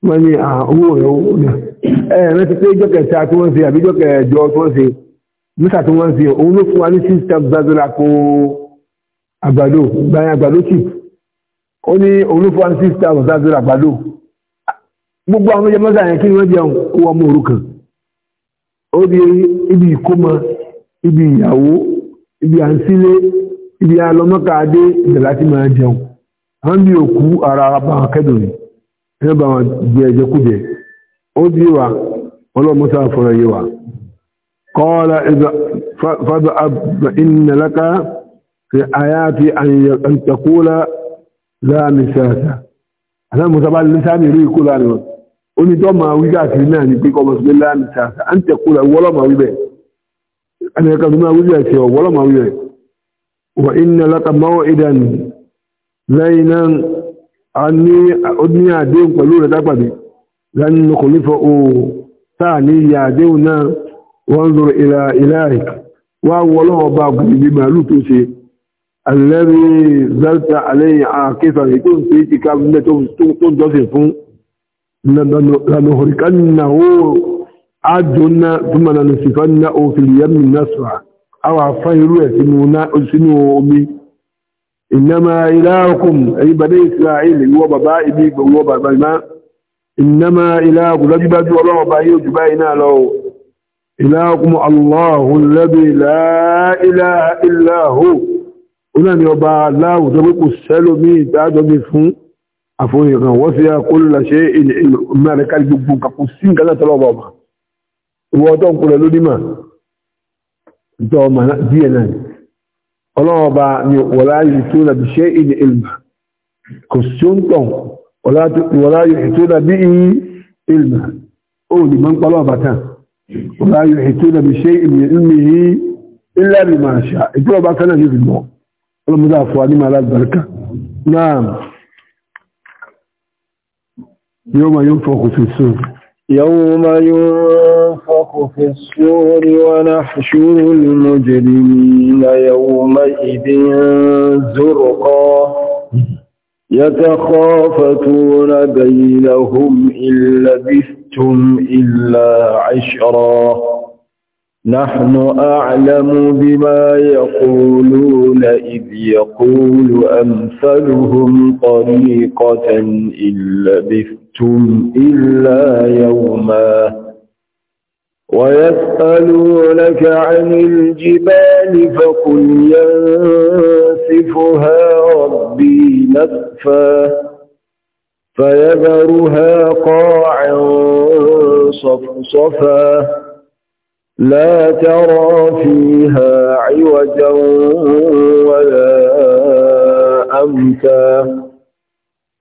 wọ́n ní ah, owó rẹ̀ owó ní ẹ̀rẹ́ ti pé jọ́kẹ̀ẹ́ta tí wọ́n ṣe àbí jọ́kẹ̀ẹ́jọ tí wọ́n ṣe mítà tí wọ́n ṣe òun ló fún wa ní six times gbàdúrà kó àgbàdo gbàyàn àgbàdo chip ó ní òun ló fún wa ní six times gbàdúrà àgbàdo gbogbo àwọn ọmọdé mọ́tà yẹn kí ni wọ́n jẹun ó wọ́n mú òru kan ó di ibi ìkómọ ibi ìyàwó ibi àǹsílé ibi alọmọkàdé ìdàlá ti máa jẹun àwọn bí òkú ara àbàkẹ́dùn ni ẹ bá wọn jẹ ẹjẹkújẹ ó di wa ọlọ́mọsá fọ́rọ̀ yìí wa kọ́ọ̀lá fàbà inna laka fi àyàfi àyàkúlá láàmìsáàsà aláàmùsá bá lè sáàmì rí ikú láàrin wọn ó ní tọ́ máa wí káàkiri náà ní pé kọmọ̀ sí láàmìsáàsà á ń tẹ̀kúlá wọ́lọ́mà wíbẹ̀ ẹnìyàn kan tó máa wíbẹ̀ a ní ní àdéhùn pẹ̀lú rẹ̀ dápàdé lẹ́nu kò ní fọ́ o táà ní ìyà àdéhùn náà wọ́n ń zọrọ̀ ìlà ìlà rẹ̀ wá wọlọ́wọ́ bá gbogbo màálù tó ṣe alẹ́rí zelta alẹ́yìn àkẹsàrí tó ń pèsè kábínẹ̀ tó ń jọ́sìn fún lanohorikannahu adùnà túnmọ̀ lanohorikannahu fìlìyàn إنما إلهكم أي بني إسرائيل هو بابا إبيك هو بابا ما إنما إلهكم الذي بدو الله بأيه جبائنا له إلهكم الله الذي لا إله إلا هو ولن يبع الله تبقى السلمي تعدو بفن أفوهيقا وفي كل شيء مالك الجبوك قسين كذا تلو بابا وطن كل لديما دوما دينا ọlọ́ọ̀ba ni wọ́lá yìí tó nàbí ṣe ìní ilmà kò sí ó ń tàn wọ́lá yìí tó nàbí ilmà ó ní mọ́ ń pa lọ́ọ̀bà tán wọ́lá yìí tó nàbí ṣe ìní ilmì yìí ilẹ̀ rí máa ṣá ìjọ ọba kan náà yóò fi mọ́ ọlọ́mọdé àfọwà náà yóò máa yóò fọkùn sí sùn. máa yóò ينفخ في السور ونحشر المجرمين يومئذ زرقا يتخافتون بينهم إن لبثتم إلا عشرا نحن أعلم بما يقولون إذ يقول أمثلهم طريقة إن لبثتم إلا يوماً ويسألونك عن الجبال فقل ينسفها ربي نسفا فيذرها قاعا صفصفا لا ترى فيها عوجا ولا أمتا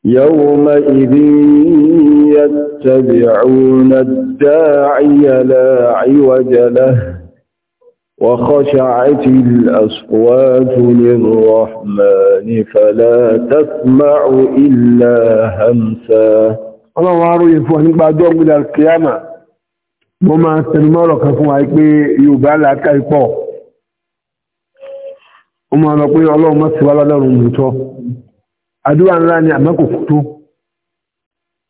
يومئذ يتبعون الدين الداعي لا عوج له وخشعت الأصوات للرحمن فلا تسمع إلا همسا الله عارض فهن بعد يوم من القيامة وما سنمرك فهيك يبالى كيفو وما نقول اللهم سبحانه لرمته أدوان لاني أمكو كتو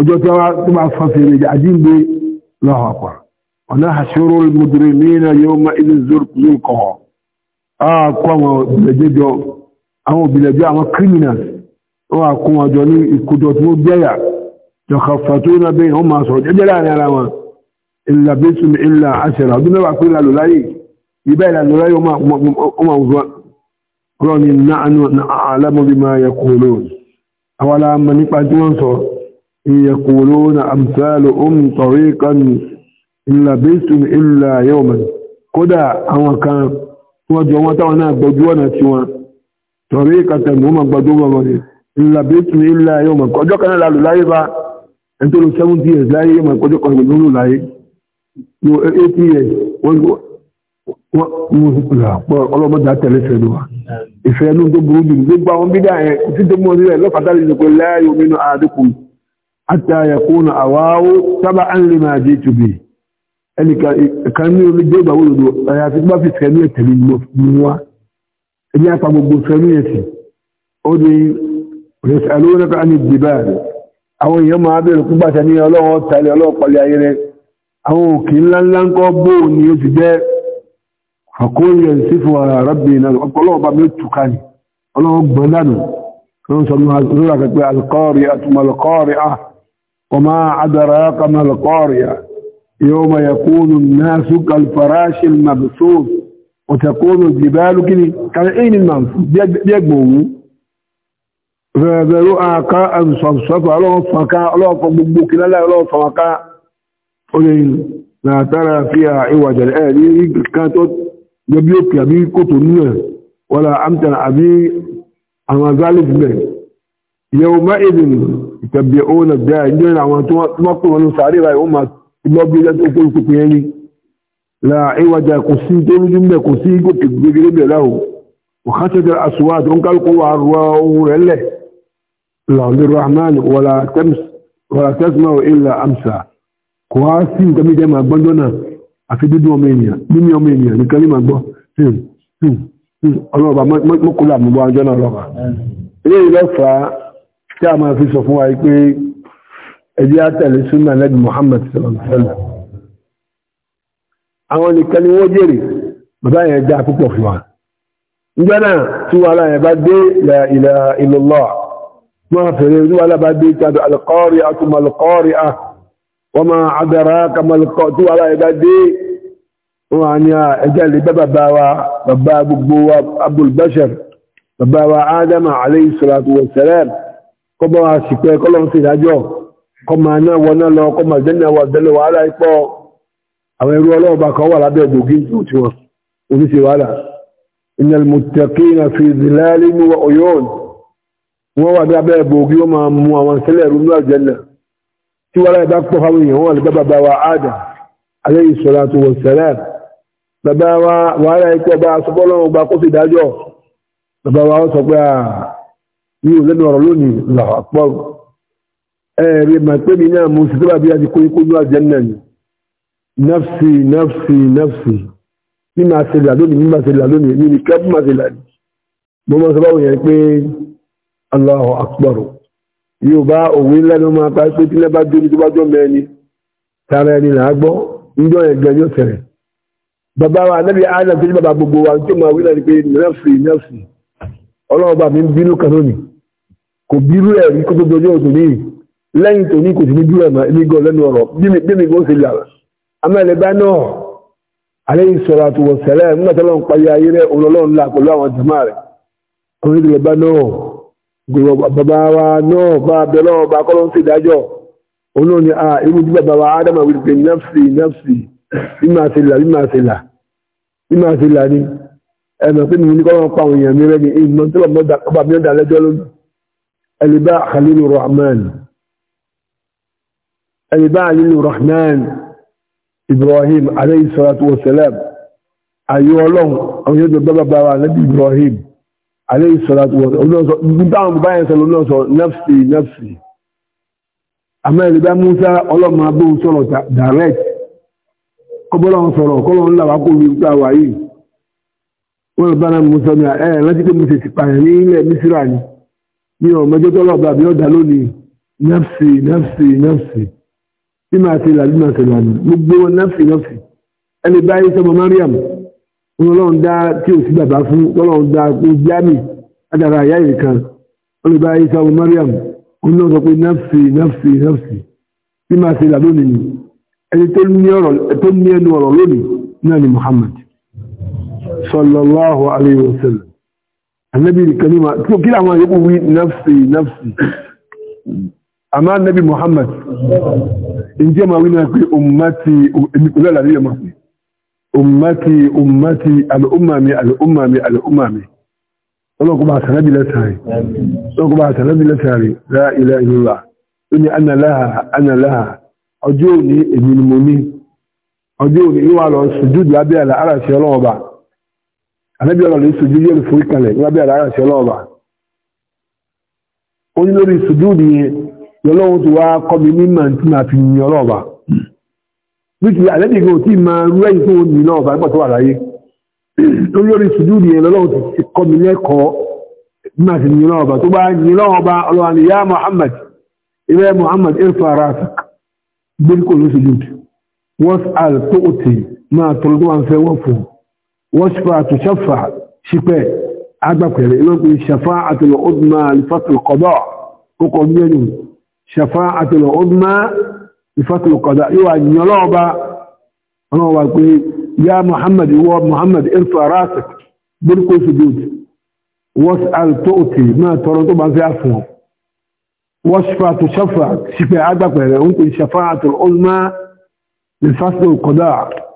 ọjọ́ tí wọ́n máa fọ́n fèrè àjíǹde lọ́wọ́ pa ọ̀nà àṣírò mùdìrí mìíràn yóò máa ilé zurkọ̀ àkọ́ àwọn òbìlẹ̀jẹ́jọ́ àwọn òbìlẹ̀jọ́ àwọn criminals wọ́n á kó wọn jọ ní ìkójọ tí wọ́n jẹ́yà jọ̀kà fàtó iná bẹ́ẹ̀ wọ́n máa sọ̀rọ̀ jẹ́jẹ́ láàrin ara wọn ìlà bẹ́sùn ìlà àṣẹ̀rà ọdún mẹ́wàá pé ìlà lòláyè إن يقولون أمثال أم طريقا إلا بيت إلا يوما كدا أو كان وجوا تانا بدونا تيوا طريقة هم بدوا إلا بيت إلا يوما كدا كان لا لا أنت لو سمون تي لا يوما كدا كان بدون لا يو إتي و ọlọ́mọ dá tẹ̀lé fẹ́nu wa ìfẹ́ inú tó burú jù gbogbo àwọn bídá ẹ̀ tí tó mọ́ nílẹ̀ lọ́fàdá lè ní pé حتى يكون أواه تبعا لما جئت به ẹni kan ní omi dé ìgbàwó òdò àyàfi gbá fi fẹ̀mí ẹ̀tẹ̀lẹ̀ mú wá ẹni apá gbogbo fẹ̀mí ẹ̀sìn ó ní ìrẹsàlóyún náà ní ìdìbà rẹ̀ àwọn èèyàn máa bẹ̀rẹ̀ púpà tẹ̀lé ọlọ́wọ́ tẹ̀lé ọlọ́wọ́ pẹ̀lú ayé rẹ̀ àwọn òkè ńláńlá ń kọ́ bó ni ó ti jẹ́ àkóyè sí fún ara náà ọlọ́wọ́ bá mi tùkà ní ọlọ́wọ́ gbọ́n dànù وما أدراك ما القارية يوم يكون الناس كالفراش المبثوث وتكون الجبال كالعين المنفوث بيجمعوا فذروا آكاء صفصفا لو صفكا لو صبوك لا لو صفكا لا ترى فيها عوج الآن كانت يبيوك يبي كتن ولا أمتن أبي أما ذلك يومئذ ìtẹ̀bí owó náà bẹ́ẹ̀ ní ìrìn àwọn tí wọ́n pè wọn ní sàárè báyìí wọ́n máa lọ́bí ẹjọ́ tó kó ìkókò yẹn rí la ìwàjà kò sí tó rújú mẹ́ kò sí gòkè gbégéré bẹ̀ láwò òkàtẹ́tẹ́ àṣùwà tó ń kálukú wà rọ ohun rẹ̀ lẹ̀ lọ́lẹ́ rahman wàlà tẹ́símà ìlà amsa kò wá sí nǹkan mi jẹ́ máa gbọ́njọ́ náà àfi dídún ọmọ ènìyàn mímí ọmọ ènìyàn nìkan ní máa gbọ́ hmm, hmm, hmm tí a máa fi sọ fún wa pé ẹjí àtẹ̀lé súnà lẹ́bí Muhammad sọ̀rọ̀sọ̀lá àwọn nìkan ni wọ́n jèrè bàbá yẹn dá púpọ̀ fún wa nígbà náà tí wàhálà yẹn bá dé la ilaha illallah ما في ولا بديك القارئة ما القارئة وما أدراك ما القارئة ولا بدي وأن أجل بابا بابا بابا أبو البشر بابا آدم عليه الصلاة والسلام kọ́bọ̀ àṣìpẹ́ kọ́lọ́n sí ìdájọ́ kọ́mà náà wọná lọ kọ́mà jẹ́nà wà jẹ́lẹ̀ wàhálà ipọ́ àwọn ẹrú ọlọ́ọ̀bá kan wà lábẹ́ ògbógi tí wọ́n oníṣẹ́ wàhálà innal muttaqina fi zilalin wa uyun wọ́n wà lábẹ́ ògbógi wọ́n máa mú àwọn sẹ́lẹ̀ rú ní àjẹ́nà tí wàhálà ìbá pọ̀ fáwọn èèyàn wọn ní olómi ọ̀rọ̀ lónìí làpọ̀ ẹ̀rì màpẹ́mi náà mo sì tọ́ba bí a ti kó ikú ní àjẹ́ náà ni nafsi nafsi nafsi ní máa ṣe là lónìí ní máa ṣe là lónìí ní ní kẹ́bù máa ṣe là ní. mo máa sọ báwo yẹn pé Allahu Akbar yóò bá òwe ńlá ni wọ́n máa pa pé tí náà bá jóni tó bá jọ mẹ́ ni tara ẹni là á gbọ́ níjọ́ yẹn gan yóò tẹ̀rẹ̀. bàbá wa anábì adam tó ní bàbá gbogbo wa tó máa wí náà ni pé nafsi nafsi ọlọ́run bá mi ń bínú kan lónìí kò bírú ẹ̀ rí kó tó dojú òtò ní lẹ́yìn tó ní kò sí ní bírú ẹ̀ ní gan lẹ́nu ọ̀rọ̀ bí mi gbọ́ sí là amẹ́lẹ́bá náà alẹ́ ìsọ̀rọ̀ àtúwọ̀ sẹ́lẹ̀ nígbà tó lọ́n parí ayé rẹ̀ ọlọ́run là pẹ̀lú àwọn jàmá rẹ̀ onídìrẹ́bá náà gbogbo bàbá wa náà bá abẹ́rẹ́ ọba kọ́ ló ń ṣèdájọ́ olóhùn ni ah irú bí bàbá wa ádámà wí pé nafsi nafsi bí máa ṣe là bí máa ṣe là bí máa ṣe là ni ẹ̀nà pé mi ní kọ́ lọ́n pa àwọn èèyàn mi rẹ́ ni ìmọ̀ tí wọ́n bá mi ọ̀dà lẹ́jọ́ lónìí الباء خليل الرحمن الباء خليل الرحمن إبراهيم عليه الصلاة والسلام أيها الله أن يدعو بابا بابا نبي إبراهيم عليه الصلاة والسلام نفسي نفسي àmọ́ ẹ̀lẹ́ bá Musa ọlọ́mọ abóhùn sọ̀rọ̀ direct kọ́bọ́lọ́wọ́ sọ̀rọ̀ kọ́lọ́wọ́ ńlá wákò ní ìgbà wáyé wọ́n bá náà Musa ní ẹ̀ rántí pé mo sì ti pààyàn ní ilẹ̀ Mísírà ni ní ọmọjọ́ tó lọ́gbà bí ọ̀dà lónìí nafsi nafsi nafsi bí máa ṣe làbí máa ṣe lànà gbogbo wọn nafsi nafsi ẹni báyìí sọmọ mariam wọn lọ́n dá tí ò sí bàbá fún lọ́n dá pé jami adara àyà yìí kan wọn lè báyìí sọmọ mariam wọn náà sọ pé nafsi nafsi nafsi bí máa ṣe làbí lónìí ẹni tó ní ẹnu ọ̀rọ̀ lónìí náà ni muhammad sallallahu alayhi wa annabi kalima to kila ma yabu wi nafsi nafsi amma annabi muhammad in je ma wi na pe ummati ni kula la riya ma ummati ummati al ummami al ummami al ummami Allah ko ba sanabi la sai so ko ba sanabi la sai la ilaha illallah inni anna laha ana laha ọjọ́ ni èmi ni mo ni ọjọ́ ni wa lọ sujud lábẹ́ ala ara se ànábì ọ̀rọ̀ lè sojú yóò forí kalẹ̀ lábẹ́ àrà àṣẹ ọlọ́ọ̀bà ó ní lórí sojú ni lọ́lọ́run ti wá kọ́ mi ní màá tí màá fi yin ọlọ́ọ̀bà wíkì ànábì kan ò tí máa rú ẹ̀yìn tó ní lọ́ọ̀bà nígbà tó wà láyé lórí sojú ni lọ́lọ́run ti kọ́ mi lẹ́kọ̀ọ́ bí واشفع تشفع شفاء عجبك يعني شفاعة العظمى لفتح القضاء وقضية شفاعة العظمى لفتح القضاء يوى أن يلعب أنا أقول يا محمد هو محمد ارفع راسك بالكل سجود واسأل تؤتي ما ترد ما في عفوه واشفع تشفع شفاء عجبك الإمام شفاعة العظمى لفتح القضاء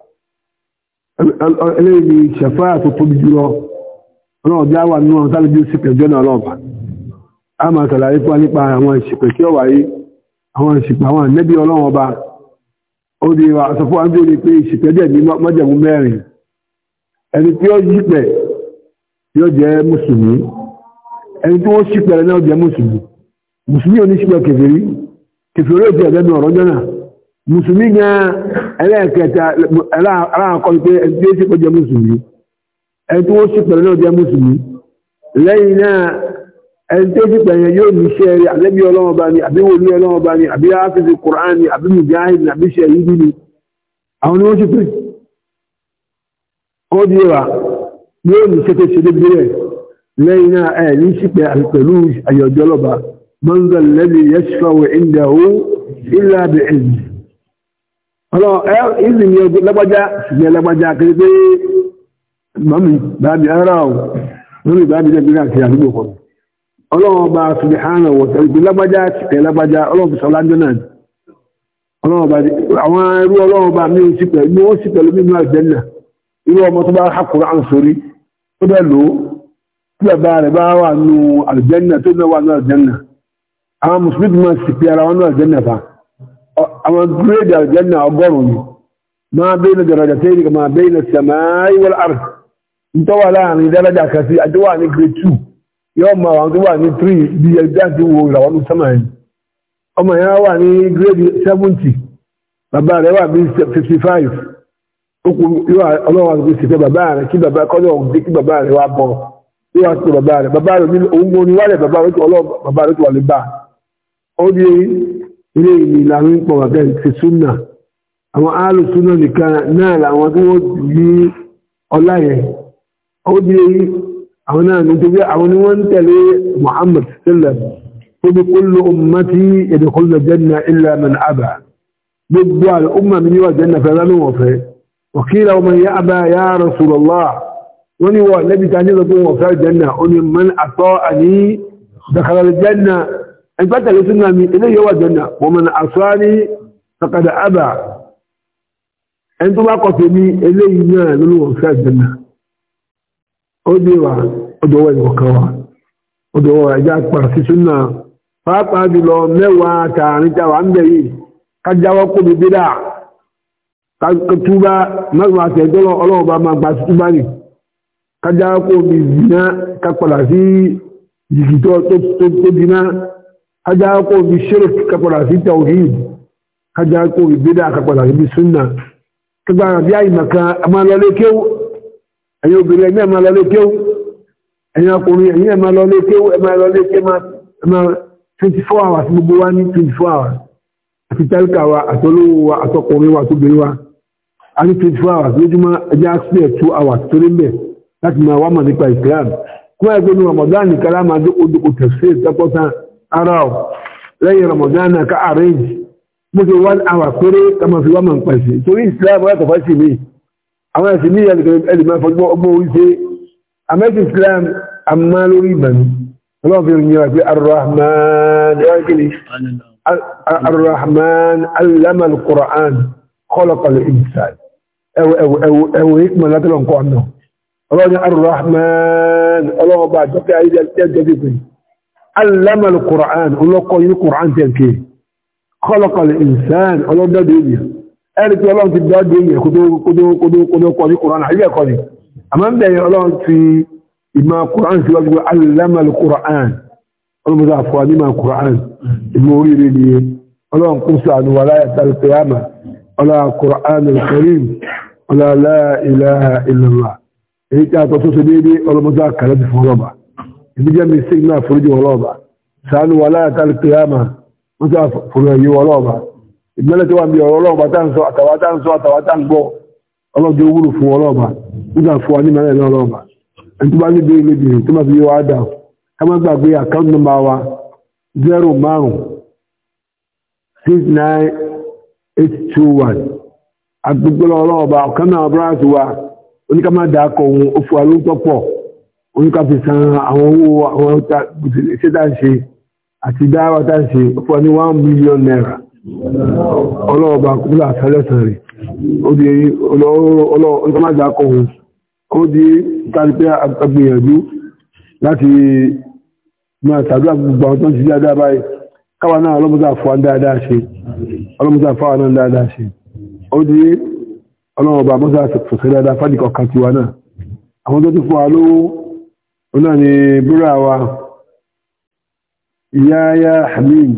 eléyìí ṣẹ̀fáà tó tóbi jùlọ ọlọ́run bí a wà nínú ọ̀tá lójú sípẹ̀jọ́ náà lọ́ọ̀bà a máa tàlàyé fún wa nípa àwọn ìṣìpẹ̀ tí ó wáyé àwọn ìṣìpẹ̀ àwọn ànẹ́bí ọlọ́run ọba ó di àṣọ fún wa bí ó di pé ìṣìpẹ̀ dẹ̀ ní mọ́jẹ̀mú mẹ́rin ẹni tí ó yípẹ̀ yóò jẹ́ mùsùlùmí ẹni tí wọ́n ṣìpẹ̀ rẹ̀ náà jẹ́ mùsùlùmí mùsùlùmí ò ní ṣìpẹ̀ kèfèrí kèfèrí ò ti ẹ̀dẹ́nu ọ̀rọ̀ jọ́nà mùsùlùmí gan ẹlẹ́ẹ̀kẹta aláàkọ́ pé ẹni tí ó sì kọ́ jẹ́ mùsùlùmí ẹni tí wọ́n sì pẹ̀lú náà jẹ́ mùsùlùmí lẹ́yìn náà ẹni tí ó sì pẹ̀lú yóò ní iṣẹ́ rí àbẹ́bí ọlọ́wọ́ bá ní àbí wòlú ọlọ́wọ́ bá ní àbí áfíìsì kùrán ní àbí mùjáhìn ní àbí ṣe yìí ní àwọn ni wọ́n sì pẹ̀lú ó wa yóò ní ṣe tó ṣe débi rẹ̀ lẹ́yìn náà ẹ̀ ní sí pẹ̀lú àyọ̀jọ́lọ́ba mọ́ńdà lẹ́bi yẹ́sùfà ó ìlà bẹ̀ẹ́ ọlọ́run ìzì ni ọjọ́ lágbájá ṣùgbọ́n lágbájá kiri pé mọ́mí bábí ara ọ̀ lórí bábí lẹ́gbẹ̀rẹ́ àti àdúgbò kan ọlọ́run ọba subhanahu wa ta'ala lágbájá ṣìkẹ́ lágbájá ọlọ́run sọ lájọ́ náà ọlọ́run ọba àwọn irú ọlọ́run ọba mi sí pẹ̀lú mi ó sì pẹ̀lú mímú àjẹ́nà irú ọmọ tó bá hàkùrọ̀ à ń sórí ó bẹ́ẹ̀ lò ó tí bàbá rẹ̀ bá wà nù àjẹ́nà tó àwọn gírèdì àjẹ́nà ọgọ́rùn-ún máa bẹ́ ní daraja tẹ́lì máa bẹ́ ní samai wal ard ìtọ́wà láàrin daraja kasi àjọwà ní grade 2 yóò máa wà tó wà ní 3 bí ẹgbẹ́ àti wo ìràwọ̀n samai ọmọ yẹn wà ní grade 70 bàbá rẹ̀ wà bí 55 okùn yóò ọlọ́wà tó sì fẹ́ bàbá rẹ̀ kí bàbá kọ́ kí bàbá rẹ̀ wà bọ̀ yóò wá o bàbá rẹ̀ bàbá rẹ̀ òun ni wálẹ̀ bàbá rẹ̀ tó wà lè bá o di ilé ìní ìlànà pọ̀ wà bẹ́ẹ̀ ti súnà àwọn áàlù súnà nìkan náà làwọn tí wọ́n ní ọlá yẹn ó di àwọn náà nítorí àwọn ni wọ́n ń tẹ̀lé Muhammad sallam ó bí kullu ummati yadkhuluna janna illa man aba gbogbo àlọ́ ọmọ mi níwà janna fẹ́ lánà wọ́n fẹ́ wakila man ya aba ya rasulallah wọ́n ni wọ́n lẹ́bi ta ní lọ́gbọ́n wọ́n fẹ́ ó ní man ata'ani dakhala janna ẹgbẹ́tẹ̀lé suna mi ilé yóò wà jẹ́nà mana mọ̀ àṣọ́rí da aba ẹni tó bá kọ̀tẹ̀ ní eléyìí náà lórí wọn fẹ́ jẹ́nà ó dé wà ọdọ̀wọ́ ìwọ̀kan wa ọdọ̀wọ́ ẹja pa sí súnà pàápàá jùlọ mẹ́wàá tààrin táwa ń bẹ̀ yìí kájáwọ́ gba tó kájá kó bí shirk kápadà sí tawhid kájá kó bí bídà kápadà sí bí sunna kájá bí àyìnbàkà amálọlé kéwú ẹ̀yin obìnrin ẹ̀yin amálọlé kéwú ẹ̀yin akọrin ẹ̀yin amálọlé kéwú amálọlé kéwú ẹ̀ma 24 hours gbogbo wa ní 24 hours àti tẹ́líkà wa àtọ́lówó wa àtọkùnrin wa àtọ́bìnrin wa a ní 24 hours lójúmọ́ ẹjẹ́ àṣìlẹ̀ 2 hours tó lé mbẹ̀ láti máa wá mọ̀ nípa Islam kúmọ̀ ẹgbẹ́ ní Ramadan nìkan láàmà dókòdókò tẹ̀síẹ̀ tẹ́kọ̀tàn ara ọ̀ lẹ́yìn Ramadan ká arrange mo ti one hour péré ká máa fi wá máa ń pàṣẹ torí Islam yàtọ̀ fásitì mi àwọn ẹ̀sìn ní ẹlẹ́mọ̀ fọgbọ́ ọgbọ́n orí ṣe amẹ́sì Islam àmà lórí ìbànú ọlọ́run fi rìnyìn àti Ar-Rahman ẹ̀rọ́kìnì Ar-Rahman allama al-Qur'an khalaqa al-insan ẹ̀wọ̀ ìpínlẹ̀ látọ̀lọ̀ nǹkan náà ọlọ́run Ar-Rahman ọlọ́run bá jọ́kẹ́ ayé علم القرآن الله قال القرآن تلكي خلق الإنسان الله دا دنيا أرد الله في دا دنيا كدو كدو كدو كدو قال القرآن حقيقة قال أمام دا الله في إما القرآن في وجه علم القرآن المضاف ما القرآن الموري لي الله قصة ولا القيامة ولا القرآن الكريم ولا لا إله إلا الله إيه تعطوا سبيلي ولا مذاكرة في الله ìbíjẹ́ mi sí iná àforíjì ọlọ́ọ̀bà sànù wà láyàtàlì kìyàmà wọ́n tó àforíjì ọlọ́ọ̀bà ìgbẹ́lẹ̀ tó wà bí ọ̀rọ̀ ọlọ́ọ̀bà tá ń sọ àtàwà tá ń sọ àtàwà tá ń gbọ́ ọlọ́dún wúrù fún ọlọ́ọ̀bà nígbà fún wa ní mẹ́rẹ̀ ní ọlọ́ọ̀bà ẹni tó bá ní bí ilé bìrì tó bá fi yé wa dà ká má gbàgbé àkáǹtì nọ́mbà wa zero márùn six nine eight two one agbègbè ọlọ́ọ̀bà ọ̀kan náà bráàsì wa oníkàmá dàákọ̀ òun ó fún oníkà fi san àwọn owó àwọn iṣẹ́ tá ń ṣe àti dáwà tá ń ṣe fún ní 1 million naira ọlọ́ọ̀bà kúrò àtàlẹ́sàn rẹ̀ ó di ọlọ́ọ̀dá kọ̀ọ̀hún ó di tàbí pé agbìyànjú láti máa sàdúrà gbogbo àwọn tó ń ṣe dáadáa báyìí káwa náà ọlọ́mọdá fún dáadáa ṣe ọlọ́mọdá mọ́sá fòsẹ́ dáadáa fádìkọ̀ kàtiwa náà àwọn tó ti fún wa lówó náà ni búra wa yáyá amin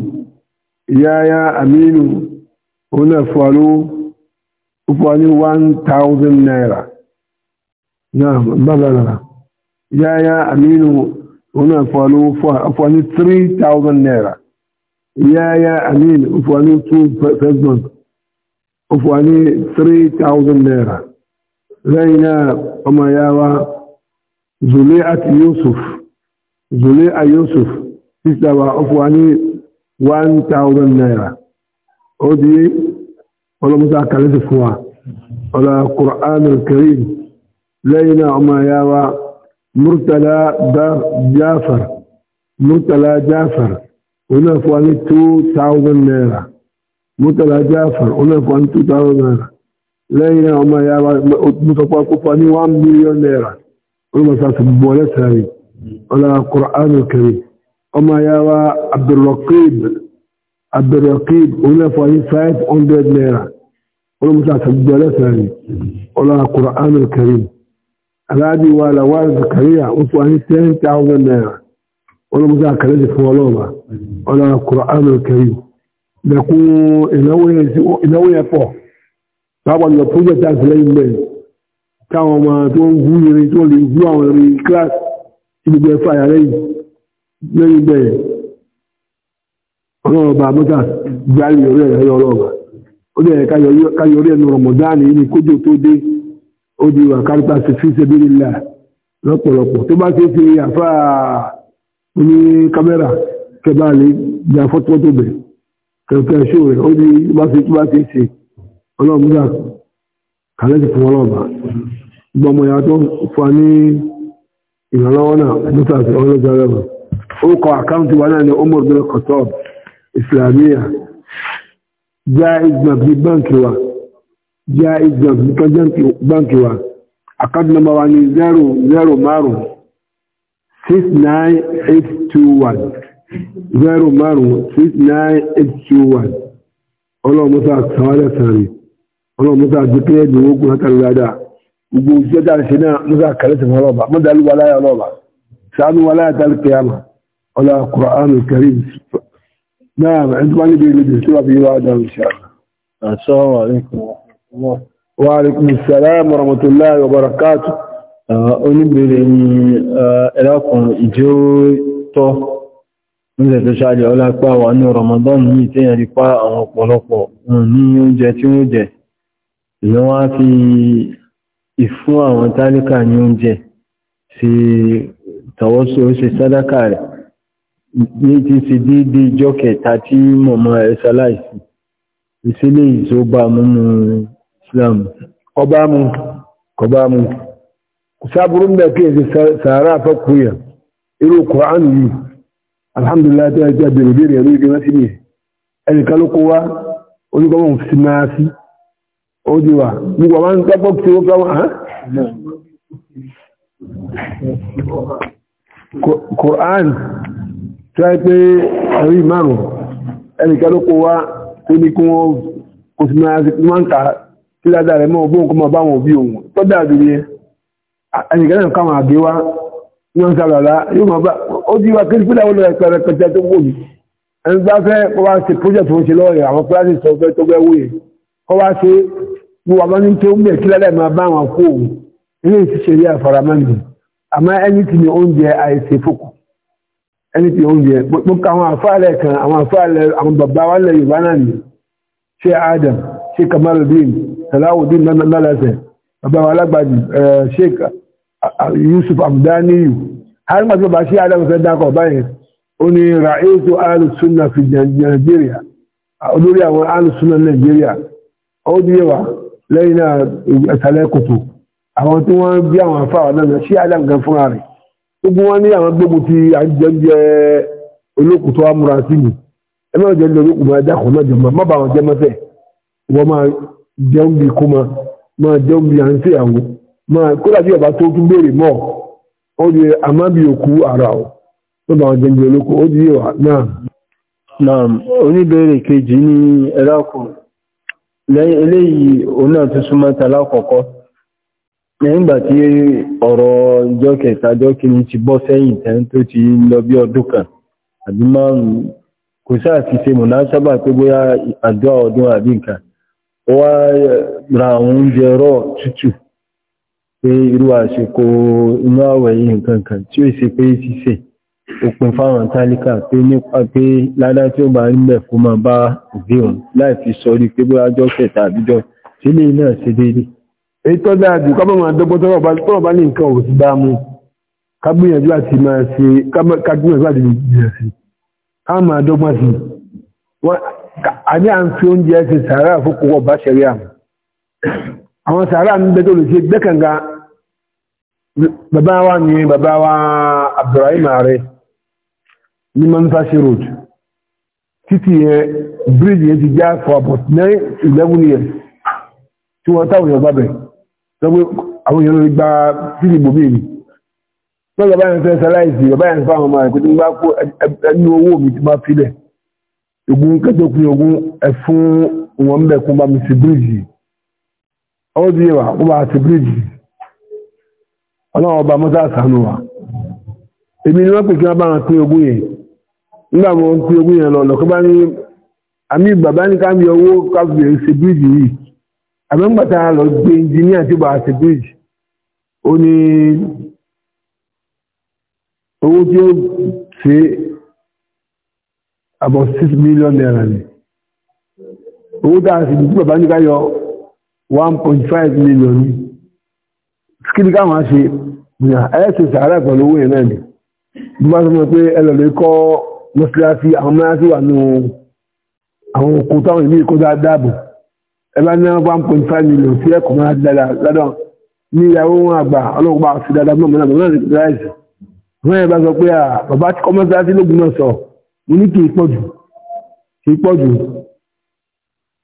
yáyá aminu òun náà fún aló púpọ̀ ní 1000 naira náà bábára yáyá aminu òun náà fún 3000 naira yáyá aminu fún ní 2000 fún 3000 naira lẹ́yìn náà ọmọ yáwá zuli'at yusuf zuli'a yusuf sísá wa ó fún wa ní one thousand naira ó di ọlọ́mọsá kàlẹ́sì fún wa ọlá Qur'anul Karim lẹ́yìn náà ọmọ ya wa murtala jafar murtala jafar ona fún wa ní two thousand naira murtala jafar ona ní two naira lẹ́yìn náà ọmọ ya wa mú sọ million naira. ولمساس بولت هذه ولا القرآن الكريم وما يا عبد الرقيب عبد الرقيب هنا فاين فايت 100 ليرة ولمساس بولت هذه ولا القرآن الكريم الذي ولا وارد كريا وفاين 10000 ليرة ولمساس كريم فولوما ولا القرآن الكريم نقول إنه يفوح طبعا لو فوجت أسلين منه táwọn ọmọ tó ń hú irin tó lè hú àwọn irin kíláàsì tí gbogbo ẹ̀fà àyàrẹ́ yìí lẹ́yìn bẹ́ẹ̀ ọlọ́run bá mọ́tà gbárí orí ẹ̀yọ ọlọ́ọ̀bà ó dẹ̀ káyọ orí ẹnu rọmọdáàni ní kójò tó dé ó di wà kárípà sí fi ṣe bíi ńlá lọ́pọ̀lọpọ̀ tó bá ṣe fi àfà oní kámẹ́rà kẹbà lè gba fọ́tọ́tọ́ bẹ̀ kẹ̀kẹ́ ṣó rẹ̀ ó di bá ṣe tó bá ṣe ṣe ọlọ́run mọ́tà kàlẹ́sì fún ọlọ́ọ̀bà gbọmọ ya tó fa ní ìrànlọ́wọ́ náà mọ́sá sí ọlọ́gbà rẹ̀mọ̀ ó kọ àkáǹtì wa náà ní Umar bin Khattab islamiyya Jaiz Bank ní báǹkì wa Jaiz Bank ní báǹkì wa àkáǹtì nọ́mbà wa ní 005 69821 005 69821 ọlọ́mọ́sá sàwálẹ̀ sàrì ọlọ́mọ́sá jẹ́ pé ẹ̀dùn ogun látàrí dáadáa gbogbo ojú ọjà ṣe náà lọ́sà kàlẹ́sì fún ọlọ́ba mọ́dàlú wa láyà ọlọ́ba sàánú wa láyà dálí kìyàmà ọlá kùránù karim náà ẹni tó bá níbi ilé ìdè uh, uh, tí wà fi yíwá dáhùn iṣẹ́ àṣọwà wa àwọn ọ̀pọ̀lọpọ̀ ní ìfún àwọn tálíkà ní oúnjẹ sí ó ṣe sádákà rẹ̀ ní ti ṣe dídí ìjọ kẹta tí mọ̀mọ́ ẹ̀ sáláìsì ìsílẹ̀ ìṣó bá Islam ọba mú kọba mú sáàbùrú mẹ́ kí èsì sàárà fẹ́kúyà irú Kùrán yìí alhamdulillah tí a bèrè bèrè odiwa gbogbo àwọn tọ́pọ̀ tí ó fẹ́ wọ́n hàn Quran tí a pé ẹ̀rí márùn ẹnìkẹ́ ló kó wá tó ní kí wọ́n kò sí máa ń ká tí ládà rẹ̀ mọ́ ọgbọ́n kó máa bá wọn bí òun tó dáadé yẹ ẹnìkẹ́ náà káwọn àgbé wá yọ́n sàrọ̀lá yóò máa bá ó díwá kí ní pílẹ̀ olóòrẹ̀ pẹ̀rẹ̀ pẹ̀tẹ̀ mo wà lọ́ní tó ń bẹ̀ kí lẹ́lẹ́ máa bá wọn kó òun ilé ìṣiṣẹ́ rí àfaramẹ́nu àmọ́ ẹni tí ni oúnjẹ àìsè fòkù ẹni tí oúnjẹ gbogbo àwọn àfáàlẹ̀ kan àwọn àfáàlẹ̀ àwọn bàbá wa lẹ̀ yorùbá náà ni ṣé adam ṣé kamaludin salawudin lọ́lọ́sẹ̀ bàbá wa alágbàjì sheikh yusuf abdaniyu hàlùmá tó bá ṣé adam fẹ́ dákọ̀ báyìí ó ní ra'aytu alùsùnà fi nàìjíríà olórí àwọn alùsùnà nàìjíríà ó di lẹ́yìn náà ìsàlẹ̀ kòtò àwọn tí wọ́n bí àwọn afáwà náà ṣí adam gan fúnra rẹ̀ gbogbo wọn ní àwọn gbogbo ti àjẹjẹ oloko tó amúra sí mi ẹ má jẹ́ lórí ìgbìmọ̀ ajá kan náà jọmọ má wọn mọ́fẹ́ wọ́n máa jẹun bí kó máa máa jẹun bí àwọn máa kódà bí ọba tó tún béèrè mọ́ ọ di àmọ́ bí òkú ara wọn ó di ìwà náà. oníbèrè kejì ni lẹ́yìn eléyìí òun náà tún súnmọ́ tàlá kọ̀kọ́ nígbà tí ọ̀rọ̀ ìjọ kẹta jọ kìíní ti bọ́ sẹ́yìn tẹ́ tó ti lọ bí ọdún kan àbí márùn-ún kò sáà ti ṣe mọ̀ná sábà pé bóyá àdúrà ọdún àbí nǹkan ó wá ra àwọn oúnjẹ rọ̀ tútù pé irú àsìkò inú àwẹ̀ yìí nǹkan kan tí ó òpin fáwọn tálíkà pé nípa pé ládá tí ó bá ń bẹ̀ fún ma bá òbí òun láì fi sọrí pé bó ajọ́ kẹta àbíjọ sílé náà ṣe déédé. èyí tó dáa jù kábọ̀ máa dọ́gbọ́n tọ́rọ̀ bá tọ́rọ̀ bá ní nǹkan ò sí bá mú kágbìyànjú àti máa ṣe kágbìyànjú àti jìnà sí ká máa dọ́gbọ́n sí àní à ń fi oúnjẹ ṣe sàárà fúnpọ̀ ọba ṣẹ̀rí àmọ́ àwọn sàárà ń bẹ tó lè ni babawa wa Abdulrahim Ààrẹ ní mansashi road títí yẹn bíríjì yẹn ti já for about nine eleven years tí wọ́n táwọn èèyàn gbàbẹ̀ lọ́gbẹ́ àwọn èèyàn lórí gba bíríjì bòmí èyí wọ́n bàbá yẹn fẹ́ sáláìsì bàbá yẹn fáwọn ọmọ rẹ̀ pé tí wọ́n bá kó ẹnu owó mi ti máa filẹ̀ ogun kẹtọkùn ogun ẹfún wọn bẹ̀ kún bá mi sí bíríjì ọwọ́ ti wa wọ́n bá ti bíríjì ọlọ́wọ́ ọba mọ́tà sànù èmi ni wọ́n pè kí wọ́n bá wọn pín ogun yẹn nígbà mo ń fi ogún yẹn lọ lọ́kọ́ bá ní àmì bàbá ní ká mi owó káfíńsì ṣe bíríìjì yìí àmọ́ nígbà tá a lọ gbé ẹnjìníà tí bàá ṣe bíríìjì ó ní owó tí ó ṣe about six million naira ni owó tá a sì bí bàbá ní ká yọ one point five million ni kí ni káwọn á ṣe ẹ̀ ṣe sàárà pẹ̀lú owó yẹn náà ni bí wọ́n sọ pé ẹ lọ́ọ́ lè kọ́ mọ́síláṣí àwọn mọ́síláṣí wà ní àwọn òkú táwọn ìlú ìkó dáadáàbò ẹbá ní one point five million sí ẹ̀kọ́ máa dáadáa ládàn ní ìyàwó wọn àgbà ọlọ́pàá sí dáadáa mọ́ mọ́nà mọ́nà ìpínlẹ̀ àìsàn wọ́n yẹn bá sọ pé bàbá tí kọ́ mọ́síláṣí lóògùn náà sọ mo ní kì í pọ̀ jù kì í pọ̀ jù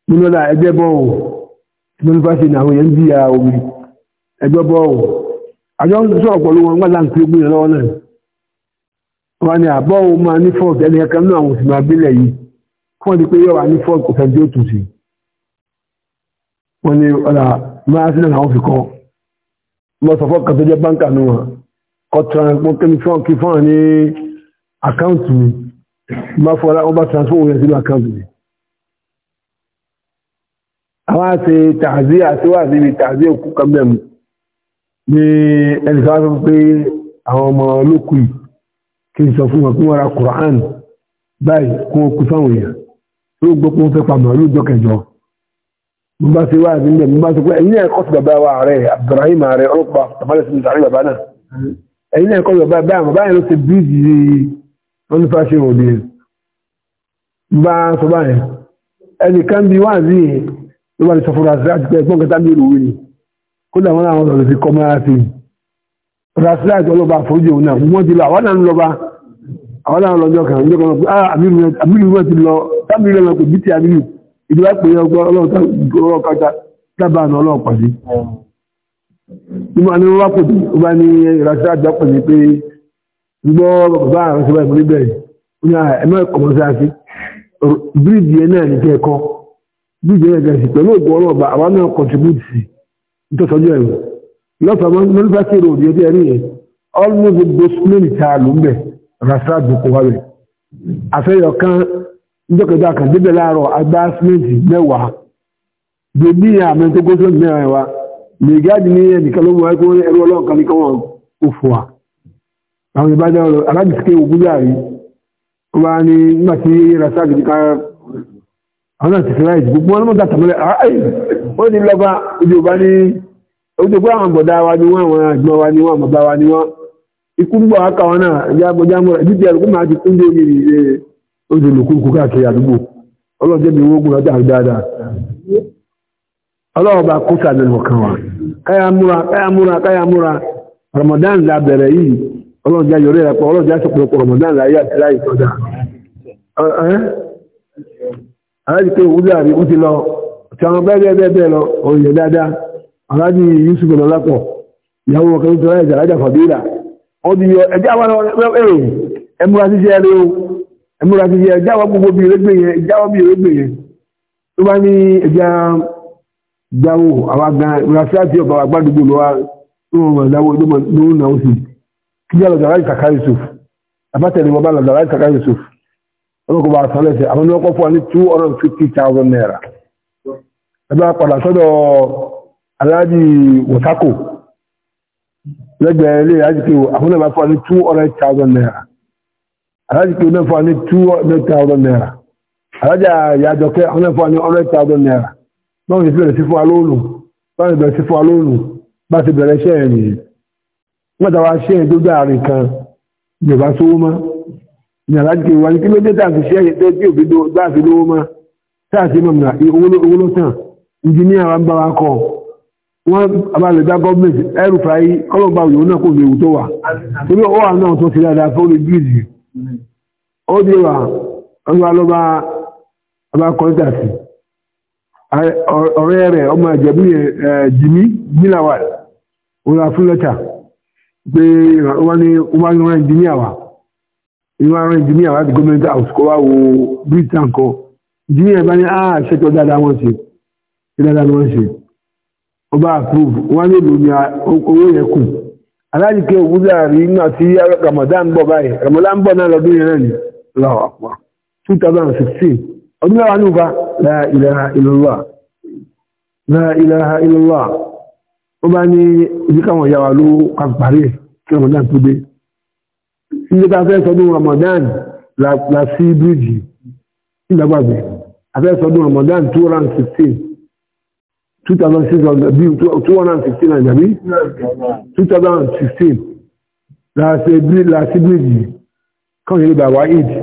nínú ọ̀la ẹgbẹ́ bọ́ọ̀ tí mo ní fásitì ní àwọn yẹn ń bí ya omi ẹgbẹ́ bọ́ọ̀ àjọ sọ̀rọ̀ pẹ̀lú wọn wọn láǹkì ó gbìyànjú lọ́wọ́ náà wọ́n ní àbọ̀ òun máa ní fọ́ọ̀tù ẹni ẹ̀kan náà àwọn òsìmọ̀ abílẹ̀ yìí wọ́n ti pé yóò wà ní fọ́ọ̀tù kò fẹ́ẹ́ tó sí wọ́n ní ọ̀là máa sílẹ̀ làwọn fi kọ́ lọ sọ fọ́ọ̀kà tó jẹ́ báńkà nù wọn kọ́ kí fọ́ọ̀n ní àkáǹtì mi bá fọ́ wọ́n bá transfer owó yẹn sínú àkáǹtì mi. àwọn àti tààzí àti wà níbi tààzí òkú kan bẹ̀ ní ẹnìkan wá pé àwọn ọmọ olókùn yìí kí n sọ fún wọn kí wọ́n ra Quran báyìí kí wọ́n kú fáwọn èèyàn ló gbọ́ pé wọ́n fẹ́ pa màálù jọkẹjọ mo bá ṣe wá nílẹ̀ mo bá sọ pé ẹ̀yin ẹ̀kọ́ ti bàbá wa rẹ̀ Abdulrahim rẹ̀ ọlọ́pàá tàbálẹ̀ sí ìtàrí bàbá náà ẹ̀yin ẹ̀kọ́ bàbá báyà bàbá yẹn ló ṣe bíríìjì wọn ní fàṣẹ òde mo bá sọ báyẹn ẹnìkan bí wáàzí ló bá ní sọ fún ra sí àti pé ẹ̀gbọ́n kẹta ní ìròyìn kó dà wọn àwọn ọ̀rọ̀ ti kọ́ máa rasila ti ọlọba àforíjì òun náà wọ́n ti lọ àwọn náà ń lọba àwọn náà lọ́jọ́ kan ìjọba ọmọ àmìlú wọn ti lọ sábìlú ọmọ kò bìtì àmìlú ìjọba pè é ọgbọ ọlọ́run kọjá lábàá náà ọlọ́run pàdé. nígbà ní wọ́n bá pè é ó bá ní rasila ti ọpọ̀ ní pé gbọ́ bàbá àwọn ṣọba ìmọ̀ níbẹ̀ ó ní ẹ̀mọ́ ah, ẹ̀kọ́ mọ́ sí àti bíríìjì yẹn náà ní kẹ́ ẹ̀kọ́ bíríìjì yẹn náà lọ́pàá mọ́lúfàtì ròdì ẹbí ẹni yẹn almost gbogbo smith ta ló ń bẹ̀ rasa dùkú wa bẹ̀ àfẹ́yọ̀ kan níjọ́kẹjọ́ àkàn débẹ̀ láàárọ̀ agbá smith mẹ́wàá gbèmí àmì tó gbóṣọ́ mẹ́rin wa mẹ́gáàdì ní ẹnìkan ló mọ̀ ẹ́kọ́ ẹrú ọlọ́run kan ní kọ́ wọn ó fò wá àwọn ìbájá ọ̀rọ̀ alábìsíkẹ́ ogun láàrí ó ti pé àwọn bọ̀dá wa ni wọ́n àwọn àgbọ̀n wa ni wọ́n àmọ̀bá wa ni wọ́n ikú ń bọ̀ wọn náà ẹjá bọjá mọ́ ndị dídí máa ti kún dé omi ìṣe olùlùkúrukú káàkiri àdúgbò ọlọ́jẹ́ mi wógun lọ́jà dáadáa ọlọ́wọ́ bá kó wa káyà múra káyà múra káyà múra Ramadan la bẹ̀rẹ̀ yìí Ramadan la aláàjì yusuf ọlọ́lápọ̀ ìyàwó ọkọ̀ tó ráyẹ̀ jàrájà fàbílà wọ́n ti yọ ẹjá wọn ẹ̀rọ ẹmúra sí jẹ́ ẹrẹ́ o ẹmúra sí jẹ́ ẹjá wọn gbogbo bí ìrégbè yẹn ẹjá wọn bí ìrégbè yẹn tó bá ní ẹjá gbáwó àwọn agan ìmúra sí àti ọba àgbàdúgbò lọ́wọ́ tó wọn mọ̀ dáwọ́ ló ń náwó ọkọ̀ fún wa ní two hundred fifty thousand naira ẹ bá padà sọ́dọ̀ aláàjì wòtákò lẹ́gbẹ̀ẹ́ ilé aláàjì pé àwọn ẹ̀mà fún wa ní two hundred thousand naira aláàjì pé wọ́n fún wa ní two hundred thousand naira aláàjì àyájọkẹ́ àwọn ẹ̀fún wa ní hundred thousand naira báwọn ìfẹ́ rẹ̀ sí fún wa lóòlù báwọn ìbẹ̀rẹ̀ sí fún wa lóòlù bá ti bẹ̀rẹ̀ iṣẹ́ ẹ̀ nìyí wọ́n ta wá ṣe é dójú àárín kan yorùbá sówó mọ́ ní aláàjì pé wọ́n ní kí ló dé tàbí ṣe é tí òbí gbáàfi lówó mọ́ táà sí mọ̀mọ́ owó ló tàn ìjìníà wa ń bá wa kọ́ wọ́n abalẹ̀ dá gọ́ọ̀mẹ̀tì ẹrù fàáyí ọlọ́gbà òyìnbó náà kò lè wù tó wà torí ó wà náà tó ti dáadáa fún orí bíìdì ó dé wà ọjọ́ alọ́ba ọba kọ́ńtàtì ọ̀rẹ́ rẹ̀ ọmọ ìjẹ̀bú jìmí mílàwà òun fún lẹ́tà pé wọ́n ní wọ́n ní wọ́n ẹnjìníà wà wọ́n rán ẹnjìníà wà láti gọ́ọ̀mẹ̀ntì house kó wá wo bíìtì àǹkọ́ ìjìníà bá ní àṣẹ́tọ̀ ah, dáadáa wọ́n ṣe dáadáa wọ́n ṣe ọba approve wọ́n nílò ní owó yẹn kù aláàjíkẹ́ òwúlà rí náà tí Ramadan bọ̀ báyìí Ramadan bọ̀ náà lọ́dún yẹn náà ni lọ́wọ́ àpá 2016 ọdún mẹ́wàá ní ọba la ilaha illallah la ilaha illallah ó bá ní ìdíkàwọn ìyàwó ló kà parí ẹ̀ kí Ramadan tó dé ilé ta fẹ́ sọdún Ramadan la sí bíríjì ìdàgbàgbé afẹ́ sọdún Ramadan 2016 2016 àjàbí 2016 láti bíríjì káwọn ilé bàbá ìdí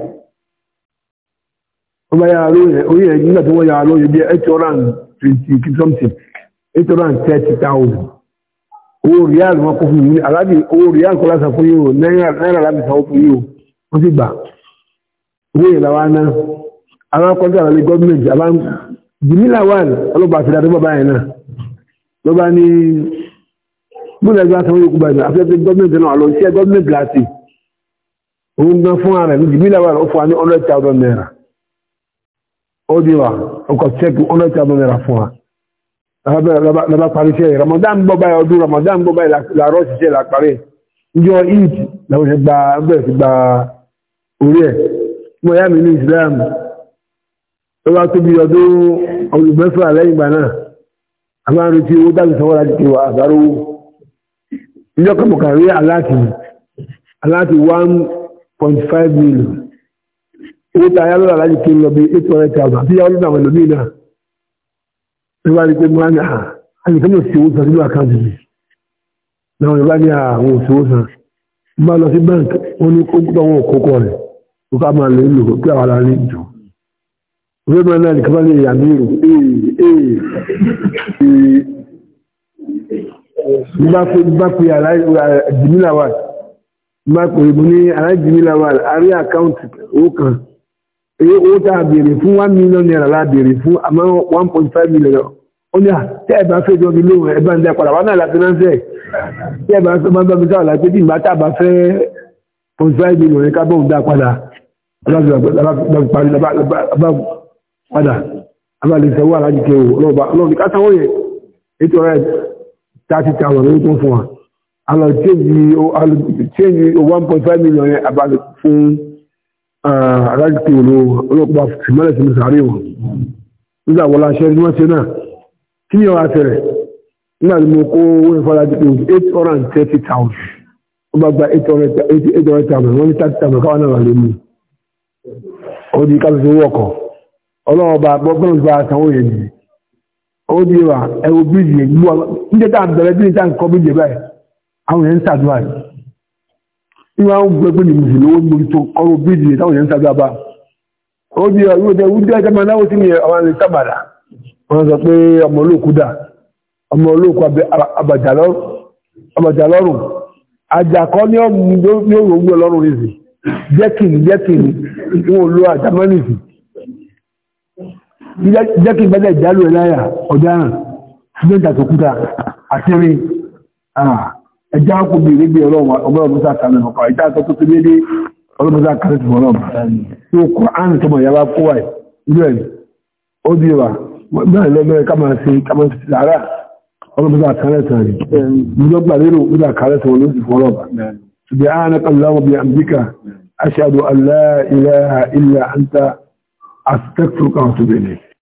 wọ́n bá yára lóyẹ̀ orí ẹ̀ nígbà tí wọ́n yára lóyẹ̀ bí 820 something 830,000 owó ríàl wọn kó fún yìí aláàbí owó ríàl kó lásà fún yìí náírà láti sanwó fún yìí wọ́n sì gbà owó ìlàwà náà alákọ̀ọ́jà jìmílà wà ní ọlọ́gbà àti ìdádọ́gbà báyìí náà ló bá ní múlẹ̀ gbá sanwó yókù báyìí afẹ́fẹ́ gọ́ọ̀mẹ̀ntì náà lọ sí gọ́ọ̀mẹ̀ntì láti òun gan fún ara ní jìmílà wà ní ọfọ ní hundred thousand naira ó di wa ọkọ̀ check hundred thousand naira fún wa lọ́ba parí iṣẹ́ Ramadan gbọ́ báyìí ọdún Ramadan gbọ́ báyìí làárọ̀ ṣiṣẹ́ là parí njọ eid làwọn ṣe gba bẹ́ẹ̀ ti gba orí ẹ̀ mọ̀ yá mi ní Islam tó bá tóbi ọdún olùmẹ́fà lẹ́yìn ìgbà náà a máa ń retí owó dábì sanwó láti ti wà àgbárò owó níjọ́ kan mọ̀kà rí aláàtì aláàtì one point five million owó tá a yá lọ́la láti kí n lọ bí eight hundred thousand àti yàrá lọ́dà àwọn ẹlòmíì náà ló bá rí pé mo á àyíká mi ò sí owó san sínú àkáǹtì mi náà ló bá ní àwọn ò sí owó san mo bá lọ sí báńkì wọn ní kókó àwọn òkókó rẹ̀ kó ká máa lè lò pé àwọn ará jù. Gbogbo náà ní kọmọ́ lè yà ní ìrù. Bá pè àjìmílàwà, bá pè mú ní alájìmílàwà, àrí àkáùntì owó kan. Èyí owó tàà bèèrè fún 1 million naira lábèèrè fún àmọ́ 1.5 million. Ó ní à, tẹ́ ẹ̀bá fẹ́ jọ mi lóhun ẹ̀bá ń dá padà wá náà láti ránṣẹ́. Tẹ́ ẹ̀bá fẹ́ máa bá mi sáà láti tí ìgbà tàbá fẹ́ 0.5 million padà abáàlì ìtẹ̀wọ́ aláàjì kí o lọ́ba lọ́bi kásáwọ́ yẹ ètò ọ̀rẹ́ tààtì tààwọn lórí tó ń fún wa alọ́ o lọ ọlọ́pàá ìmọ̀lẹ̀ sí mùsàárì wọn nígbà kí yẹn wá fẹ̀rẹ̀ nígbà kó owó ẹ̀fọ́ aláàjì kí o eight hundred and thirty thousand ó bá gba eight hundred eight hundred thousand wọ́n ní thirty thousand káwọn náà wà lé mi ó di ká owó ọkọ̀ ọlọ́ọ̀bà gbọ́gbọ́n ìgbà àtàwò yẹn ni ó di wa ẹwọ bíjì ìlú níjẹ́ tá à ń bẹ̀rẹ̀ bí níta nǹkan bíjì báyìí àwọn yẹn ń ṣàdúrà ní ìwà ń gbẹgbẹ́ ní mùsùlùmí lówó níbi tó ọrọ̀ bíjì táwọn yẹn ń ṣàdúrà bá ó di wa yóò tẹ wúdí ẹjẹ máa náwó sí ni àwọn ní ọ̀rùn jẹ́kìnì jẹ́kìnì wọn ò lo àjàmọ́ jẹ́kí ìgbẹ́lẹ̀ ìjálù ẹláyà ọ̀daràn ṣúgbẹ́ta tó kúta àtírí ẹjá kò bí rígbé ọlọ́mọsá kàmì ọ̀pá ìjá tó tó lédé ọlọ́mọsá kàmì ọ̀rọ̀mọ̀ tí ó kọ́ án tó mọ̀ yàrá kó wáì ilé ẹ̀ ó bí wà bẹ́ẹ̀ lọ́gbẹ́ kámàá sí kámàá sí sàárà ọlọ́mọsá kàmì sàárì ìjọba lérò ìjọba kàmì sàárì ló سبحانك اللهم بحمدك أشهد أن لا إله إلا أنت أستغفرك وأتوب